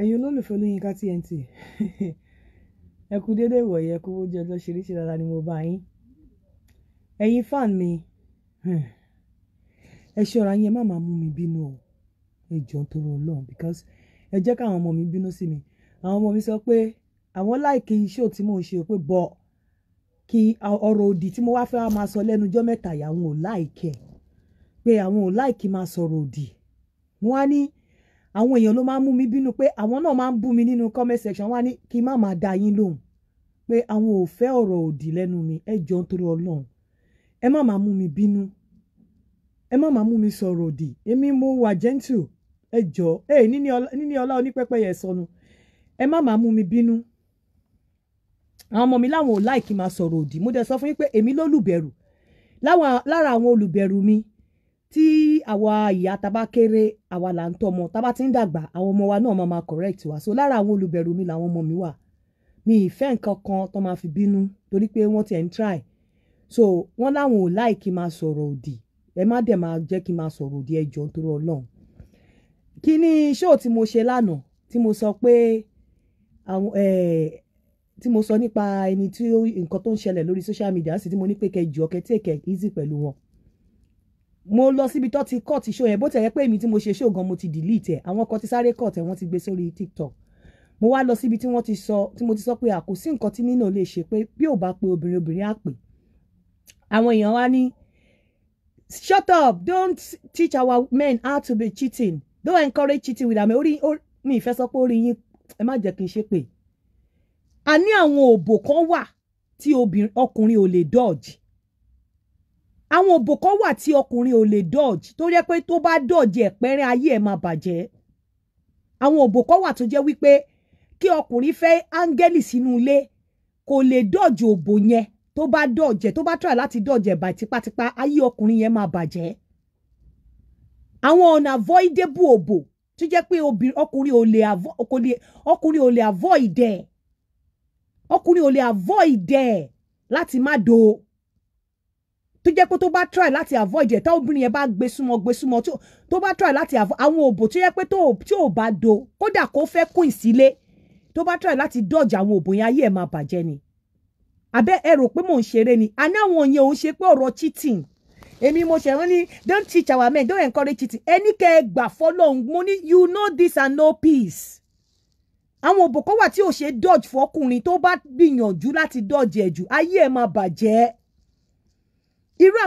ẹ̀yin olólùfẹ́ olóyinka TNT ẹ kú déédéé ìwọ̀yẹ ẹ kú bójú ọjọ́ ṣeréṣe rárá ni mo bá yín ẹ̀yin fan mi ẹ ṣọ́ra yín ẹ má máa mú mi bínú o ẹ jọ̀ọ́ nítorí Ọlọ́run because ẹ jẹ́ káwọn ọmọ mi bínú sí mi àwọn ọmọ mi sọ pé àwọn láìkí iṣẹ́ tí mò ń ṣe pé bọ̀ kí ọ̀rọ̀ òdì tí mo wá fẹ́ máa sọ lẹ́nu ọjọ́ mẹ́ta yìí àwọn ò láìkẹ́ pé àwọn ò láìkí máa sọ̀rọ̀ òdì mo wá ní àwọn èèyàn ló máa ń mú mi bínú pé àwọn náà máa ń bú mi nínú comment section wá ní kí n má máa da yín lóhùn pé àwọn ò fẹ́ ọ̀rọ̀ òdì lẹ́nu mi ẹ jọ nítorí ọlọ́run ẹ má máa mú mi bínú ẹ má máa mú mi sọ̀rọ̀ òdì èmi mo wà gentle ẹ jọ ẹ níní ọlá onípẹ́pẹ́yẹ sọnù ẹ má máa mú mi bínú àwọn ọmọ mi láwọn ò láìkí máa sọ̀rọ̀ òdì mo dẹ̀ sọ fún yín pé èmi lólùbẹ̀rù lára àwọn olùbẹ̀rù mi tí àwa ìyá taba kéré àwa là ń tọ́mọ taba ti ń dàgbà àwọn ọmọ wa náà máa ma correct wa so lára àwọn olùbẹ̀rù mi làwọn ọmọ mi wà mi ìfẹ́ nǹkan kan tó máa fi bínú torí pé wọ́n ti ẹ̀ ń try so wọ́n láwọn ò láì kí máa sọ̀rọ̀ òdì ẹ má dẹ̀ máa jẹ́ kí máa sọ̀rọ̀ òdì ẹjọ́ nítorí ọlọ́run kí ni show tí mo ṣe lánàá tí mo sọ pé tí mo sọ nípa ẹni tí nǹkan tó ń ṣẹlẹ̀ lórí social media sì tí mo ní pé kẹjọ kẹtẹ́kẹ easy pẹ̀lú wọn mo lọ síbi tó ti cut show yẹn bó ti yẹ pé èmi tí mo ṣe show gan mo ti delete ẹ̀ àwọn kan ti sáré cut ẹ̀ wọ́n ti gbé sórí tiktok mo wá lọ síbi tí wọ́n ti sọ tí mo ti sọ pé àkòsí nǹkan tí nínú lè ṣe pé bí ò bá pe obìnrin obìnrin á pè àwọn èèyàn wá ní shut up don't teach our men how to be cheating don't encourage cheating with am orí mi ìfẹ́ sọ pé orí yín ẹ má jẹ́ kí n ṣe pé a ní àwọn òbò kan wà tí ọkùnrin ò lè dodge àwọn òbò kan wà tí ọkùnrin ò lè dodge tó jẹ́ pé tó bá dodge ẹ̀pẹ́rẹ́ ayé ẹ̀ máa bàjẹ́ àwọn òbò kan wà tó jẹ́ wípé kí ọkùnrin fẹ́ áńgẹ́lì sínú ilé kò lè dodge òbò yẹn tó bá dodge tó bá try láti dodge ẹ̀ tipátipá ayé ọkùnrin yẹn máa bàjẹ́ àwọn unavoidable òbò tó jẹ́ pé ọkùnrin ò lè ọkùnrin ò lè avoid ẹ̀ ọkùnrin ò lè avoid ẹ̀ láti má do tó jẹ́ pé tó bá try láti avoid ẹ̀ tá obìnrin yẹn bá gbé súnmọ́ gbé súnmọ́ tó bá try láti avoid àwọn òbò tó jẹ́ pé tí ò bá do kódà kó fẹ́ queen sílé tó bá try láti dodge àwọn òbò yẹn ayé ẹ̀ máa bàjẹ́ ni abẹ́ ẹ rò pé mò ń ṣeré ni àní àwọn yẹn ò ń ṣe pé ọ̀rọ̀ cheating èmi mo ṣẹ̀ wọ́n ní don't teach our men don't encourage cheating ẹni kẹ́ ẹ gbà fọ́lọ́hún mo ní you know this and no peace àwọn òbò kan wà tí ò ṣe dodge fọkùnrin tó bá gbìyànjú láti dodge ẹ̀ jù ayé ẹ̀ máa bàjẹ́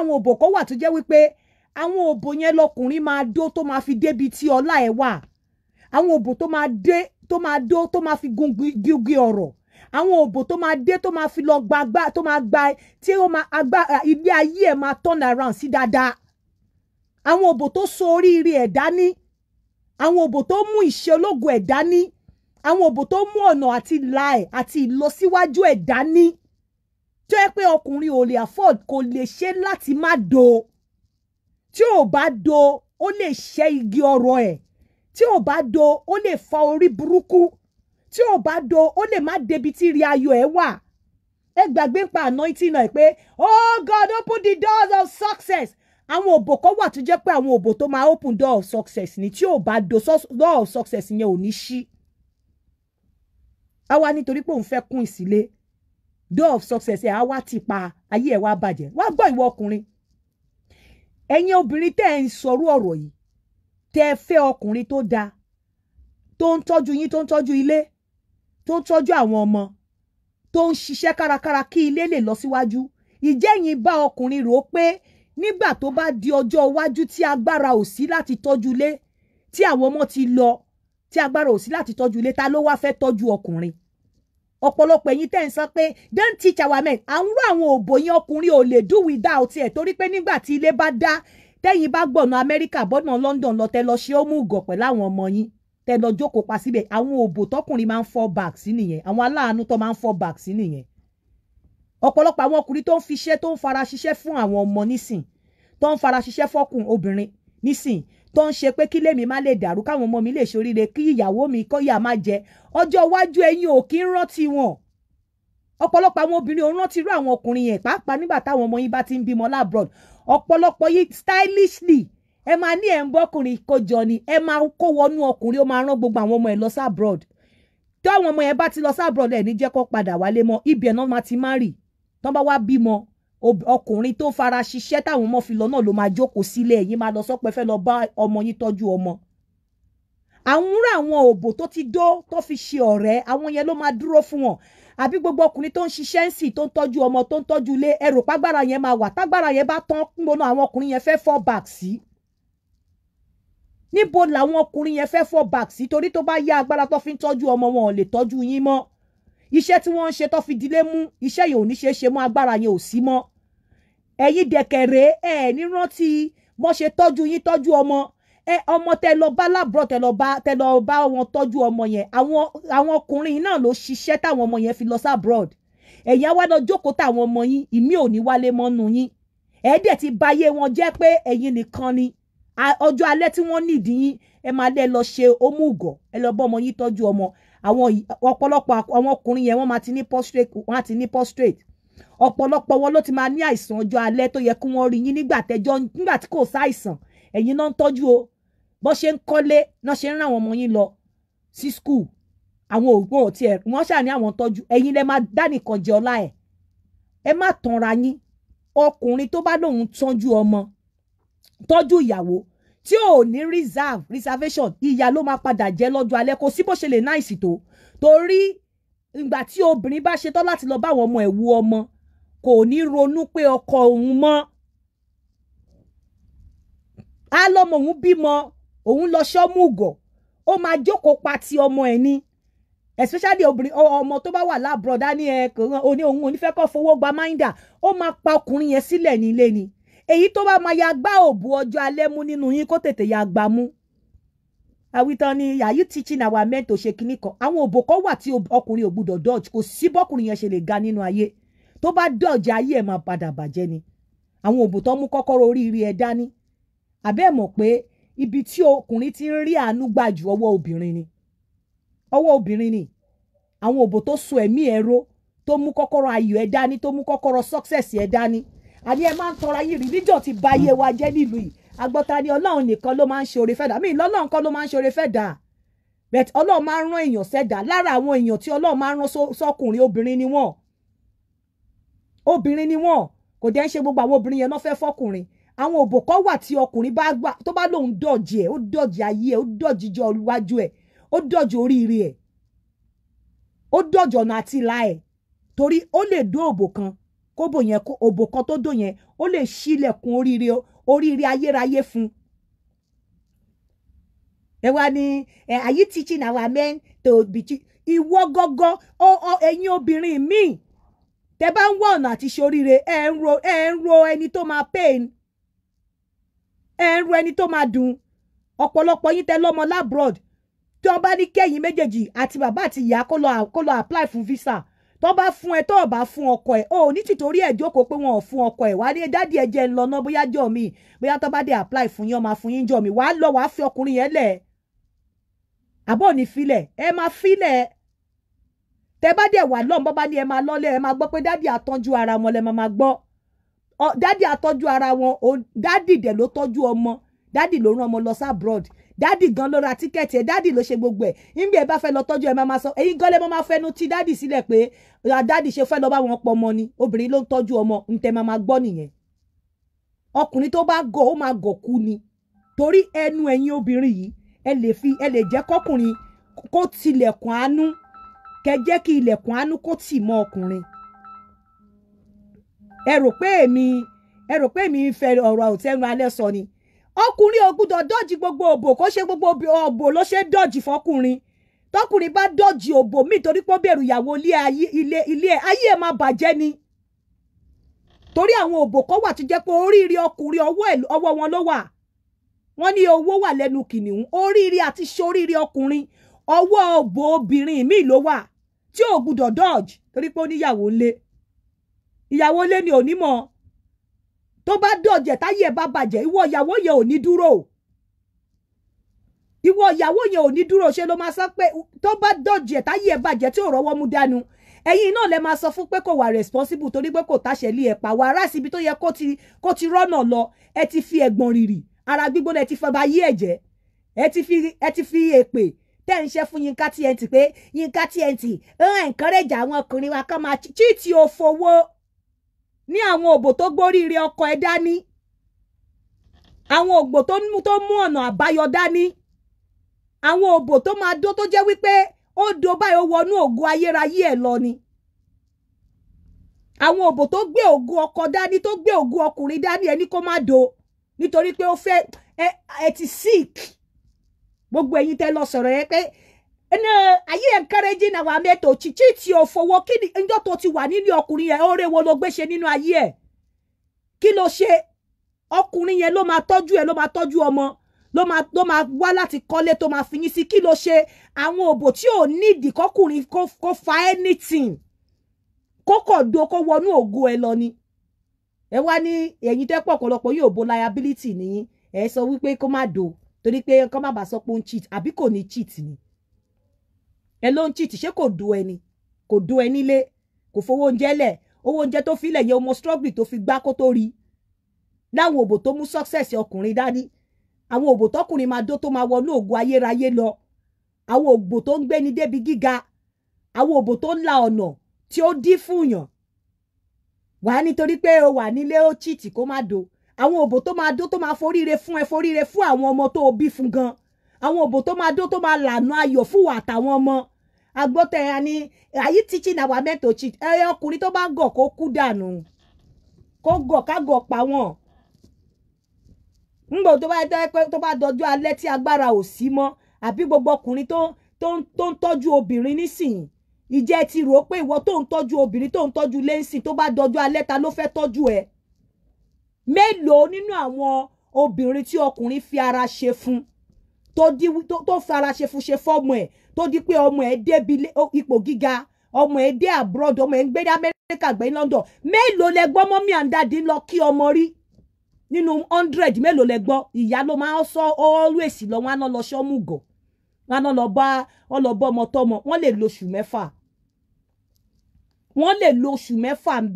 àwọn òbò kan wà tó jẹ́ wípé àwọn òbò yẹn lọkùnrin máa dó tó máa fi débi tí ọlá ẹ̀ wà àwọn òbò tó máa dé tó máa dó tó máa fi gun gígí ọ̀rọ̀ àwọn òbò tó máa dé tó máa fi lọ gba agbá tó máa gba tí ó máa agbá ilé ayé ẹ̀ máa turn around sí dáadáa àwọn òbò tó so oríire ẹ̀ dání àwọn òbò tó mú ìṣe ológun ẹ̀ dání àwọn òbò tó mú ọ̀nà àti la ẹ̀ àti ìlọsíwájú ẹ̀ dání tó yẹ pé ọkùnrin ò lè afford kò lè ṣe láti má do tí ò bá do ó lè ṣẹ́ igi ọrọ̀ ẹ̀ tí ò bá do ó lè fa orí burúkú tí ò bá do ó lè má débi tí rí ayọ̀ ẹ̀ wà ẹ gbàgbé pa anointing náà pé oh God open the doors of success àwọn òbò kan wà tó jẹ́ pé àwọn òbò tó máa open door of success ni tí ò bá do door of success yẹn ò ní ṣí àwa nítorí pé òun fẹ́ kún ìsílé door of success ẹ̀ á wá ti pa ayé ẹ̀ wá bàjẹ́ wá gbọ́ ìwọ ọkùnrin ẹ̀yin obìnrin tẹ́ ẹ̀ ń sọrú ọ̀rọ̀ yìí tẹ́ ẹ fẹ́ ọkùnrin tó dáa tó ń tọ́jú yín tó ń tọ́jú ilé tó ń tọ́jú àwọn ọmọ tó ń ṣiṣẹ́ kárakára kí ilé lè lọ síwájú ìjẹ́yìn bá ọkùnrin rò ó pé nígbà tó bá di ọjọ́ iwájú tí agbára ò sí láti tọ́jú ilé tí àwọn ọmọ ti lọ tí agbára ò sí láti tọ́jú ilé ta ló wá fẹ́ tọ́jú ọkùnrin ọ̀pọ̀lọpọ̀ ẹ̀yin tẹ́ ń sọ pé don't teach our men àwọn àwọn òbò yẹn ọkùnrin ò lè do without ẹ̀ torí pé nígbà tí ilé bá dá tẹ́yin bá gbọ̀nà Amẹ́ríkà bọ́nà London lọ tẹ́ lọ ṣe ó mú ugọ̀ pẹ̀lú àwọn ọmọ yín tẹ́ lọ jókòó pa síbẹ̀ àwọn òbò tọkùnrin máa ń fall back sí nìyẹn àwọn aláàánú tó máa ń fall back sí nìyẹn ọ̀pọ̀lọpọ̀ àwọn ọkùnrin tó ń fiṣẹ́ tó ń fara ṣiṣẹ́ fún àwọn ọmọ nísìn tó ń fara ṣiṣẹ́ fọ́kùn obìnrin nísìn tó ń ṣe pé kí lèmi má lè dàrú káwọn ọmọ mi lè ṣoríire kí ìyàwó mi kọ́yà má jẹ ọjọ́ iwájú ẹ̀yin ò kí ń rántí wọn ọ̀pọ̀lọpọ̀ àwọn obìnrin òun rántí irú àwọn ọkùnrin yẹn pàápàá nígbà táwọn ọmọ yín bá ti ń bímọ labroad ọ̀pọ̀lọpọ̀ yín stylishly ẹ máa ní ẹ̀ ń bọ́kùnrin kójọ ni ẹ máa kó wọnú ọkùnrin ó máa rán gbogbo àwọn ọmọ ẹ lọ sí tí àwọn ọmọ yẹn bá ti lọ sí abroad ní jẹ́ padà wálé mọ́ ibi ẹ̀ náà máa ti má rì tán bá wá bímọ ọkùnrin tó fara ṣiṣẹ́ táwọn ọmọ fi lọ náà ló máa jókòó sílé ẹ̀yin máa lọ sọ́pẹ́ fẹ́ lọ bá ọmọ yín tọ́jú ọmọ àwọn rà àwọn òbò tó ti dó tó fi ṣe ọ̀rẹ́ àwọn yẹn ló máa dúró fún wọn àbí gbogbo ọkùnrin tó ń ṣiṣẹ́ ń sì tó ń tọ́jú ọmọ tó ń tọ́jú ilé ẹrù págbára yẹn máa wà tágbára yẹn bá tán gbóná àwọn ọkùnrin yẹn fẹ́ fall back sí. níbo làwọn ọkùnrin yẹn fẹ́ fall back sí torí tó bá yá agbára tó fi ń tọ́jú ọmọ wọn ò lè tọ́jú yín mọ́ iṣẹ́ tí wọ́n ń ṣe tó fi dilé mú iṣẹ́ yìí ò ní ṣeé ṣe mọ́ agbára yẹn ò sí mọ́ ẹ̀yin dẹ̀kẹ̀rẹ́ ẹ̀ ní rántí wọ́n ṣe tọ́jú yín tọ́jú ọmọ ẹ ọmọ tẹ lọ bá lábúrò tẹ lọ bá tẹ lọ bá wọn tọ́jú ọmọ yẹn àwọn àwọn ọkùnrin náà ló ṣiṣẹ́ táwọn ọmọ yẹn fi lọ sábúròd ẹ̀yin á wá lọ jókòó táwọn ọmọ yín ìmí ò ní wálé mọ́nu yín ẹ̀ẹ́dẹ̀ ti báyé wọn jẹ́ pé ẹ̀yin nìkan ni ọjọ́ alẹ́ tí wọ́n nídìí yín ẹ máa lẹ́ lọ ṣe ómùgọ̀ ẹ lọ bọ́ ọmọ yín tọ́jú ọmọ àwọn ọ̀pọ̀lọpọ̀ àwọn ọkùnrin yẹn wọ́n máa ti ní prostrate wọ́n á ti ní prostrate ọ̀pọ̀lọpọ̀ wọn ló ti máa ní àìsàn ọjọ́ alẹ́ tó yẹ kí wọ́n rí yín nígbà tẹ́jọ́ nígbà tí kò sáìsàn ẹ̀yin náà ń tọ́jú o bó ṣe ń kọ́lé náà ṣe ń ràn àwọn ọmọ yín lọ sí skul àwọn òògùn òtí ẹ̀ wọ́n ṣàní àwọn tọ́jú ẹ̀yin lẹ máa dánìkan jẹ ọlá ẹ̀ ẹ má tanra yín ọkùnrin tó bá lóun tọ́jú ọmọ tọ́jú ìyàwó tí ò ní reserve reservation ìyá ló máa padà jẹ́ lọ́jọ́ alẹ́ kò sí bó ṣe lè náìsì tó torí ìgbà tí obìnrin bá ṣetán láti lọ bá àwọn ọmọ ẹ̀ wú ọmọ kò ní ronú pé ọkọ òun mọ́ á lọ́mọ òun bímọ òun lọ ṣọ́mùgọ̀ ó máa jókòó pa ti ọmọ ẹ̀ ni especially obìnrin ọmọ tó bá wà lábúrọ̀dá ní ẹ kòrán òní òun onífẹ́ kọ́ fowó gba máìndà ó máa pa ọkùnrin yẹn sílẹ̀ nílé ni èyí tó bá máa ya gbá òbu ọjọ́ alẹ́ mú nínú yín kó tètè ya gbà mú àwítán ni are teaching our men to ṣe kinní kan àwọn òbò kan wà tí ọkùnrin ò gbúdọ̀ dodge kò sí bọ́kùnrin yẹn ṣe lè ga nínú ayé tó bá dọ̀jà ayé ẹ̀ máa padà bàjẹ́ ni àwọn òbò tó mú kọ́kọ́rọ́ oríire ẹ̀ dání àbẹ́ mọ̀ pé ibi tí ọkùnrin ti ń rí àánú gbà ju ọwọ́ obìnrin ni ọwọ́ obìnrin ni àwọn òbò tó so ẹ̀mí ẹ̀ ró tó mú kọ́kọ́rọ́ ayọ̀ ẹ̀ dání tó mú kọ́kọ́rọ́ success ẹ̀ dání àní ẹ máa ń tọrọ ayé religion ti ba ayé wa jẹ́ nílùú yìí agbọ́ta ni ọlọ́run nìkan ló máa ń ṣe oore fẹ́ dà mí lọ́lọ́run kan ló máa ń ṣe oore fẹ́ dà bẹ́ẹ̀ ọlọ́run máa ń rán èèyàn sẹ́dà lára àwọn èèyàn tí ọlọ́run máa ń rán sọ́kùnrin obìnrin ni wọ́n obìnrin ni wọ́n kò dẹ́ ń ṣe gbogbo àwọn obìnrin yẹn náà fẹ́ fọkùnrin àwọn òbò kan wà tí ọkùnrin bá gbà tó bá lòun dọ̀jì ẹ̀ ó dọ̀jì ayé ẹ̀ ó dọ̀jì jọ iwájú ẹ̀ ó dọ̀jì oríire ẹ̀ ó dọ̀jì ọ̀nà àti ìlà ẹ̀ torí ó lè dó òbò kan kóbò yẹn òbò kan tó dó yẹn ó lè ṣílẹ̀kùn oríire oríire ayérayé fún un ẹ wá ní ẹ are you teaching our men to be ìwọ gọgọ ẹ̀yin obìnrin míì tẹ́ bá ń wá ọ̀nà àti ṣoríire ẹ ń ro ẹ ń ro ẹni tó máa pain ẹ ń ro ẹni tó máa dùn ọ̀pọ̀lọpọ̀ yín tẹ́ lọ́mọ labroad tí wọ́n bá ní kẹ́yìn méjèèjì àti bàbá àti ìyá kó lọ apply fún visa tó bá fún ẹ tó bá fún ọkọ ẹ o ní tìtorí ẹ jókòó pé wọn ò fún ọkọ ẹ wá ní dádì ẹ jẹ ń lọ náà bóyá jọ mi bóyá tó bá dé apply fún yín ọmọ fún yín jọ mi wàá lọ wàá fi ọkùnrin yẹn lẹ̀ àbọ̀ ní filẹ̀ ẹ máa filẹ̀ tẹ́ bá dẹ̀ wà lọ́n bọ́ bá ní ẹ máa lọ́lẹ̀ ẹ máa gbọ́ pé dádì àtọ́jú ara wọn lẹ máa gbọ́ dádì àtọ́jú ara wọn dádì dẹ̀ ló tọ́jú ọmọ dádì ló rán ọmọ lọ sí abroad dádì gan ló ra tíkẹ́ẹ̀tì ẹ̀ dádì ló ṣe gbogbo ẹ̀ níbi ẹ bá fẹ́ lọ tọ́jú ẹ máa sọ ẹ̀yin gan lẹ máa fẹnu ti dádì sílẹ̀ pé dádì ṣe fẹ́ lọ bá wọn pọ̀ ọmọ ni obìnrin ló ń tọ́jú ọmọ ń tẹ máa gbọ́ nìyẹn ọkùnrin tó bá gọ̀ ó máa gọ̀ kú ni torí ẹnu ẹ̀yin obìnrin yìí ẹ lè fi ẹ lè jẹ́ kọ́kùnrin kó tilẹ̀kùn àánú kẹ jẹ́ kí ilẹ̀kùn àánú kó tì mọ́ ọkùnrin ẹ rò pé èmi ẹ rò pé èmi ń fẹ́ ọ̀rọ̀ àwòtẹ́nu alẹ́ sọ ni ọkùnrin ò gbọ́dọ̀ dọ́jì gbogbo òbò kó ṣe gbogbo òbò ló ṣe dọ́jì fọkùnrin tọkùnrin bá dọ́jì òbò míì torí pé ó bẹ̀rù ìyàwó ilé ẹ̀ ayé ẹ̀ máa bàjẹ́ ni torí àwọn òbò kan wà tó jẹ́ pé oríire ọkùnrin ọwọ́ wọn ló wà wọ́n ní owó wà lẹ́nu kìnìún oríire àti ṣoríire ọkùnrin ọwọ́ òbò obìnrin míì ló wà tí ò gbúdọ̀ dodge torí pé ó níyàwó ńlé ìyàwó ńlé ni onímọ̀ tó bá dodge táyé ẹ̀ bá bàjẹ́ ìwọ ìyàwó yẹn ò ní dúró ìwọ ìyàwó yẹn ò ní dúró ṣe ló máa sọ pé tó bá dodge táyé ẹ̀ bàjẹ́ tí ò rọ́wọ́ mú dànù ẹ̀yin náà lẹ máa sọ fún pé kò wà responsible torí pé kò táṣẹ lé ẹ̀ pa wà ará síbi tó yẹ kó ti rọ́nà lọ ẹ ti fi ẹ̀gbọ̀n rìrì ara gbígbóná ẹ ti fẹ́ bá yí ẹ̀jẹ̀ ẹ ti fi èpè tẹ́ ń ṣe fún Yínká TNT pé Yínká TNT ń encourage àwọn ọkùnrin wa kán máa chíìtì òfowó ní àwọn òbò tó gbóríire ọkọ ẹ dání àwọn òbò tó mú ọ̀nà àbáyọ dání àwọn òbò tó máa dó tó jẹ́ wípé ó do báyìí wọnú ògo ayérayé ẹ̀ lọ ni àwọn òbò tó gbé ògo ọkọ dání tó gbé ògo ọkùnrin dání ẹni kó má do nítorí pé ó fẹ́ ẹ ti sick gbogbo ẹ̀yin tẹ́ lọ sọ̀rọ̀ yẹn pé ayé encouraging àwọn amẹ́tò òchìchí tí o fọwọ kí ni njọ́ tó ti wà nílé ọkùnrin yẹn oore wo ló gbé ṣe nínú ayé ẹ̀ kí ló ṣe ọkùnrin yẹn ló máa tọ́jú ẹ̀ ló máa tọ́jú ọmọ ló máa ló máa wá láti kọ́lé tó máa fi yín sí kí ló ṣe àwọn òbò tí ò nídìí kọkùnrin kó fa anything kó do kó wọnú ògo ẹ lọ ni ẹ wá ní ẹ̀yin tẹ́ pọ̀ ọ̀pọ̀lọpọ̀ yóò bo liability nìyí ẹ sọ wípé kó má do torí pé kọ́ má bàa sọ pé ó ń cheat àbí kò ní cheat ni ẹ ló ń cheat ṣé kò dùn ẹni kò dùn ẹ nílé kò fowó oúnjẹ lẹ̀ owó oúnjẹ tó filẹ̀ yẹ ọmọ struggle tó fi gbá kó tó rí láwọn òbò tó mú success ọkùnrin dání àwọn òbò tọkùnrin máa dó tó máa wọnú ògo ayérayé lọ àwọn òbò tó ń gbéni débi gíga àwọn òbò tó ń la ọ̀nà tí ó dí fún yàn wàá nítorí pé o wà nílé ó cheat kó má do àwọn òbò tó máa dó tó máa foríire fún ẹ foríire fún àwọn ọmọ tó o bí fún gan àwọn òbò tó máa dó tó máa lànà ayọ̀ fún wa àtàwọn ọmọ agbọ́tẹ̀ ẹ̀ ni àyí teaching àwa mẹ́tò cheat ẹ ọkùnrin tó bá gọ̀ kó kú dànù kó gọ̀ ká gọ̀ pa wọ́n ńgbò tó bá dẹ́ pé tó bá dọjú alẹ́ tí agbára ò sí mọ́ àbí gbogbo ọkùnrin tó tó ń tọ́jú obìnrin nísìnyí ìjẹ́ ti rò ó pé ìwọ tó ń tọ́jú obìnrin tó ń tọ́jú lẹ́sìn tó bá dọjú alẹ́ ta ló fẹ́ tọ́jú ẹ̀ mélòó nínú àwọn obìnrin tí ọkùnrin fi ara ṣe fún tó di tó fi ara ṣe fún ṣe fọ́mọ ẹ̀ tó di pé ọmọ ẹ̀ débi ipò gíga ọmọ ẹ̀ dé abroad ọmọ ẹ̀ ń gbé dá Amẹ́ríkà gbé London mélòó lẹ gbọ́ mọ́mí àǹdádì lọ kí ọmọ rí nínú hundred mélòó lẹ gbọ́ ìyá ló máa ń sọ always lọ wọn á ná lọ ṣọ́mù gàn wọn á ná lọ bá ọlọ́bọ ọmọ tọmọ wọn lè lo oṣù mẹ́fà wọn lè lo oṣù mẹ́fà ń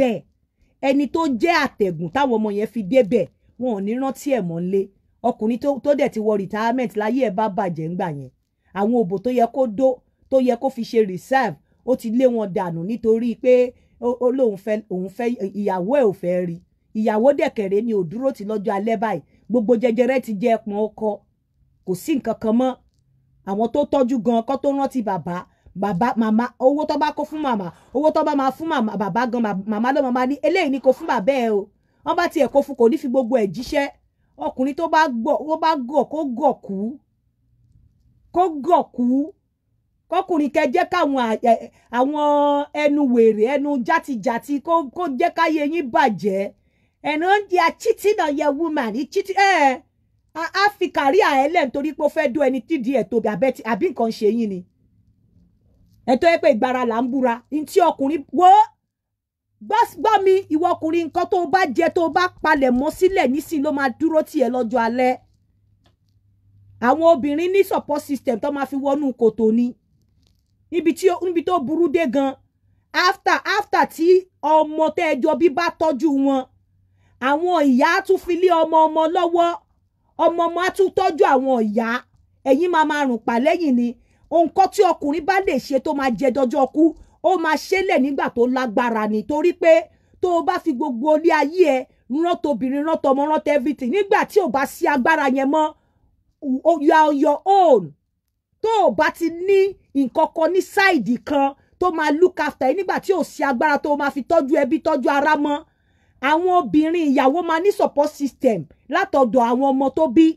ẹni tó jẹ́ àtẹ̀gùn táwọn ọmọ yẹn fi débẹ̀ wọn ò ní rántí ẹ̀ mọ́ nlé ọkùnrin tó dẹ̀ ti wọ retirement láyé ẹ̀ bá bàjẹ́ ńgbà yẹn àwọn òbò tó yẹ kó dó tó yẹ kó fi ṣe reserve ó ti lé wọn dànù nítorí pé ó lóun fẹ́ òun fẹ́ ìyàwó ẹ̀ ò fẹ́ rí ìyàwó dẹ̀kẹ̀rẹ́ ni ò dúró ti lọ́jọ́ alẹ́ báyìí gbogbo jẹjẹrẹ ti jẹ ẹpọn ọkọ kò sí nǹkan kan mọ́ àwọn tó tọ́jú gan kó tó rántí bàbá bàbá màmá owó tó bá kó fún màmá owó tó bá máa fún màmá bàbá gan màmá ló máa ní eléyìí ni kò fún bàbá ẹ o wọ́n bá tiẹ̀ kó fún kò ní fi gbogbo ẹ̀ jíṣẹ́ ọkùnrin tó bá gọ̀ ó bá gọ̀ kó gọ̀ kú kó gọ̀ kú kọkùnrin kẹ jẹ́ káwọn àwọn ẹnu wèrè ẹnu játijàti kó jẹ́ káyé yín bàjẹ́ ẹnu oúnjẹ cheating on your woman ní cheating ẹ á fi kàrí àẹ́lẹ̀ nítorí pé ó fẹ́ dún ẹni tídìí ẹ̀ tóbi àbí nǹkan ṣe yín ni ẹ̀tọ́ ẹ pé ìgbára là ń búra ntí ọkùnrin wo gbọ́ mi ìwọ ọkùnrin nǹkan tó bá jẹ tó bá palẹ̀ mọ́ sílẹ̀ nísìn ló máa dúró tiẹ̀ lọ́jọ́ alẹ́ àwọn obìnrin ní support system tó máa fi wọnú kòtò ni níbi tí níbi tó burú dé gan after after tí ọmọ tẹ́jọ bí bá tọ́jú wọn àwọn ìyá á tún fi lé ọmọ ọmọ lọ́wọ́ ọmọ ọmọ á tún tọ́jú àwọn ìyá ẹ̀yin máa máa rùn pa lẹ́yìn ni nǹkan tí ọkùnrin bá lè ṣe tó máa jẹ dọjọ́ kú ó máa ṣẹlẹ̀ nígbà tó lágbára ni torí pé tó o bá fi gbogbo ilé ayé ẹ rán tobìnrin rán tọmọ rán tẹ́fìtì nígbà tí ò bá sí agbára yẹn mọ́ you are your own tó o bá ti ní nǹkan kan ní sáìdì kan tó máa look after yìí nígbà tí ò sí agbára tó máa fi tọ́jú ẹbí tọ́jú ara mọ́ àwọn obìnrin ìyàwó máa ní support system látọ̀dọ̀ àwọn ọmọ tó bí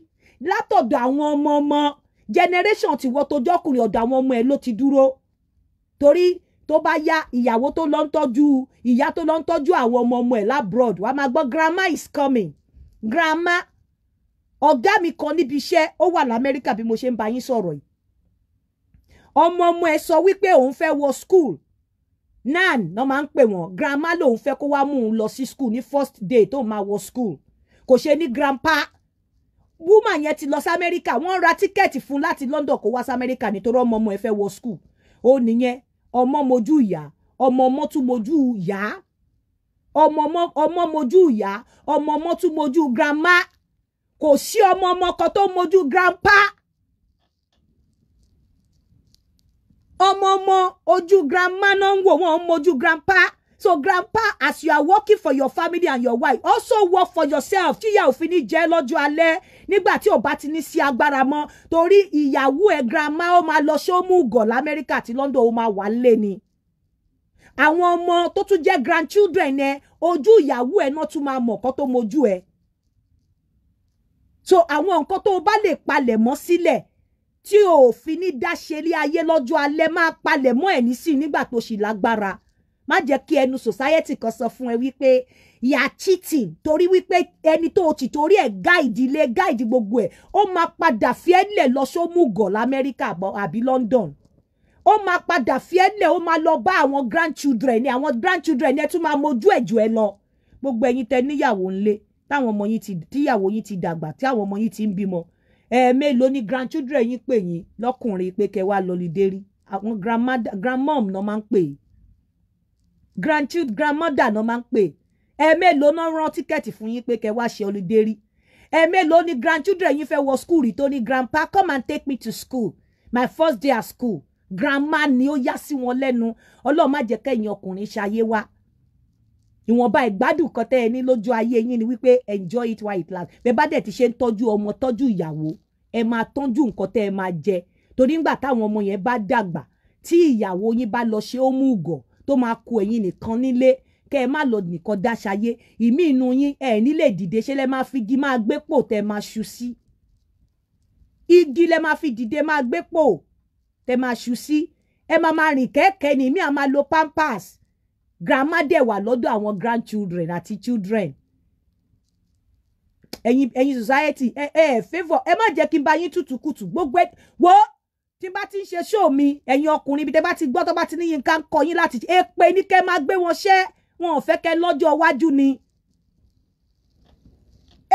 látọ̀dọ̀ àwọn ọmọ ọmọ generation tiwọ́ tó jọ́kùnrin ọ̀dọ̀ àwọn ọmọ ẹ̀ ló ti dúró torí tó bá yá ìyàwó tó lọ ń tọ́jú ìyá tó lọ ń tọ́jú àwọn ọmọ ọmọ ẹ̀ labroad wàá máa grandma is coming grandma ọ̀gá mi kan níbi iṣẹ́ ó wà lamẹ́ríkà bí mo ṣe ń bá yín sọ̀rọ̀ yìí ọmọ ọmọ ẹ̀ sọ wípé òun fẹ́ wọ school nan náà máa ń pè wọ́n grandma lòun fẹ́ kó wá mú un lọ sí school ní first day tó máa wọ school kò ṣe ní grandpa Woman yẹn ti lọ sí amẹ́ríkà wọ́n ra tíkẹ́ẹ̀tì fún láti London kó wá sí amẹ́ríkà nítorí ọmọ ọmọ ẹ fẹ́ wọ skul ó nìyẹn ọmọ mojú ìyá ọmọ ọmọ tún mojú ìyá ọmọ ọmọ mojú ìyá ọmọ ọmọ tún mojú grandma kò sí ọmọ ọmọ kan tó mojú grandpa ọmọ ọmọ ojú grandma náà ń wò wọ́n mojú grandpa. So, grandpa, as you are working for your family and your wife, also work for yourself. Tíyà ò fi ní jẹ́ lọ́jọ́ alẹ́ nígbà tí ò bá ti ní sí agbára mọ́ torí ìyàwó ẹ̀ grandma ó máa lọ ṣómùgọ̀ l'Amẹ́ríkà àti London o ma wà lé ni. Àwọn ọmọ tó tún jẹ́ grandchildren ẹ Oju ìyàwó ẹ̀ náà tún ma mo kó tó mojú ẹ̀. So, àwọn nǹkan tó ba le lè palẹ̀ mọ́ sílẹ̀ tí o ò fi ní dáṣe ilé ayé lọ́jọ́ alẹ́ máa palẹ̀ mọ́ ẹ̀ ní sí nígbà tó ṣì lágbára má jẹ́ kí ẹnu society kan sọ fún ẹ wípé ìyá cheating torí wípé ẹni tó o ti torí ẹ̀ gáìdì ilé gáìdì gbogbo ẹ̀ ó máa padà fi ẹ́ lẹ̀ lọ sómùgọ̀ lamẹ́ríkà àbí London ó máa padà fi ẹ́ lẹ̀ ó máa lọ bá àwọn grandchildren ni àwọn grandchildren ni ẹ tún máa mojú ẹ̀jù ẹ lọ gbogbo ẹ̀yin tẹ níyàwó ńlé táwọn ọmọ yín ti tíyàwó yín ti dàgbà tí àwọn ọmọ yín ti ń bímọ ẹ̀ẹ̀mélòó ni grandchildren yín pè yín lọ́kùnrin pé kẹ wá lọlídé rí àwọn grandmom náà máa ń pè yín grandchild grandmother náà máa ń pè ẹ̀ẹ́mélòó náà rán tíkẹ́ẹ̀tì fún yín pé kẹ́ wá ṣe holiday rí ẹ̀ẹ́mélòó ni grandchildren yín fẹ́ wọ school rí tó ní grandpa come and take me to school my first day at school grandma ni ó yá sí wọn lẹ́nu ọlọ́run má jẹ́ kẹ́yìn ọkùnrin ṣayé wa ìwọ̀nba ìgbádùn kan tẹ́ ẹ ní lójú ayé yín ni wípé enjoy it while it lasts bẹ́ẹ̀ bá dẹ̀ ti ṣe ń tọ́jú ọmọ tọ́jú ìyàwó ẹ máa tọ́jú nǹkan tẹ́ ẹ máa jẹ torí ńgbà táwọn ọmọ yẹn bá dàgbà tí ìyàwó yín bá lọ ṣe ó mú ugọ̀ tó máa kó ẹ̀yin nìkan nílé kẹ́ ẹ má lọ nìkan dáṣayé ìmí inú yín ẹ̀ nílé dìde ṣé lẹ máa fi igi máa gbé pò tẹ́ máa ṣu sí igi lẹ máa fi dìde máa gbé pò tẹ́ máa ṣu sí ẹ máa máa rìn kẹ́kẹ́ ni ìmí à lo pampers grandma dẹ̀ wà lọ́dọ̀ àwọn grandchildren àti children ẹ̀yin ẹ̀yin society ẹ ẹ favour ẹ má jẹ́ kí n bá yín tútùkùtù gbogbo ẹ wo tí n bá ti ń ṣe ṣóò mi ẹ̀yin ọkùnrin ibi tẹ́ bá ti gbọ́ tó bá ti ní Yínká ń kọ yín láti èpè ní kẹ́ máa gbé wọn ṣẹ́ wọn ò fẹ́ kẹ́ lọ́jọ́ iwájú ni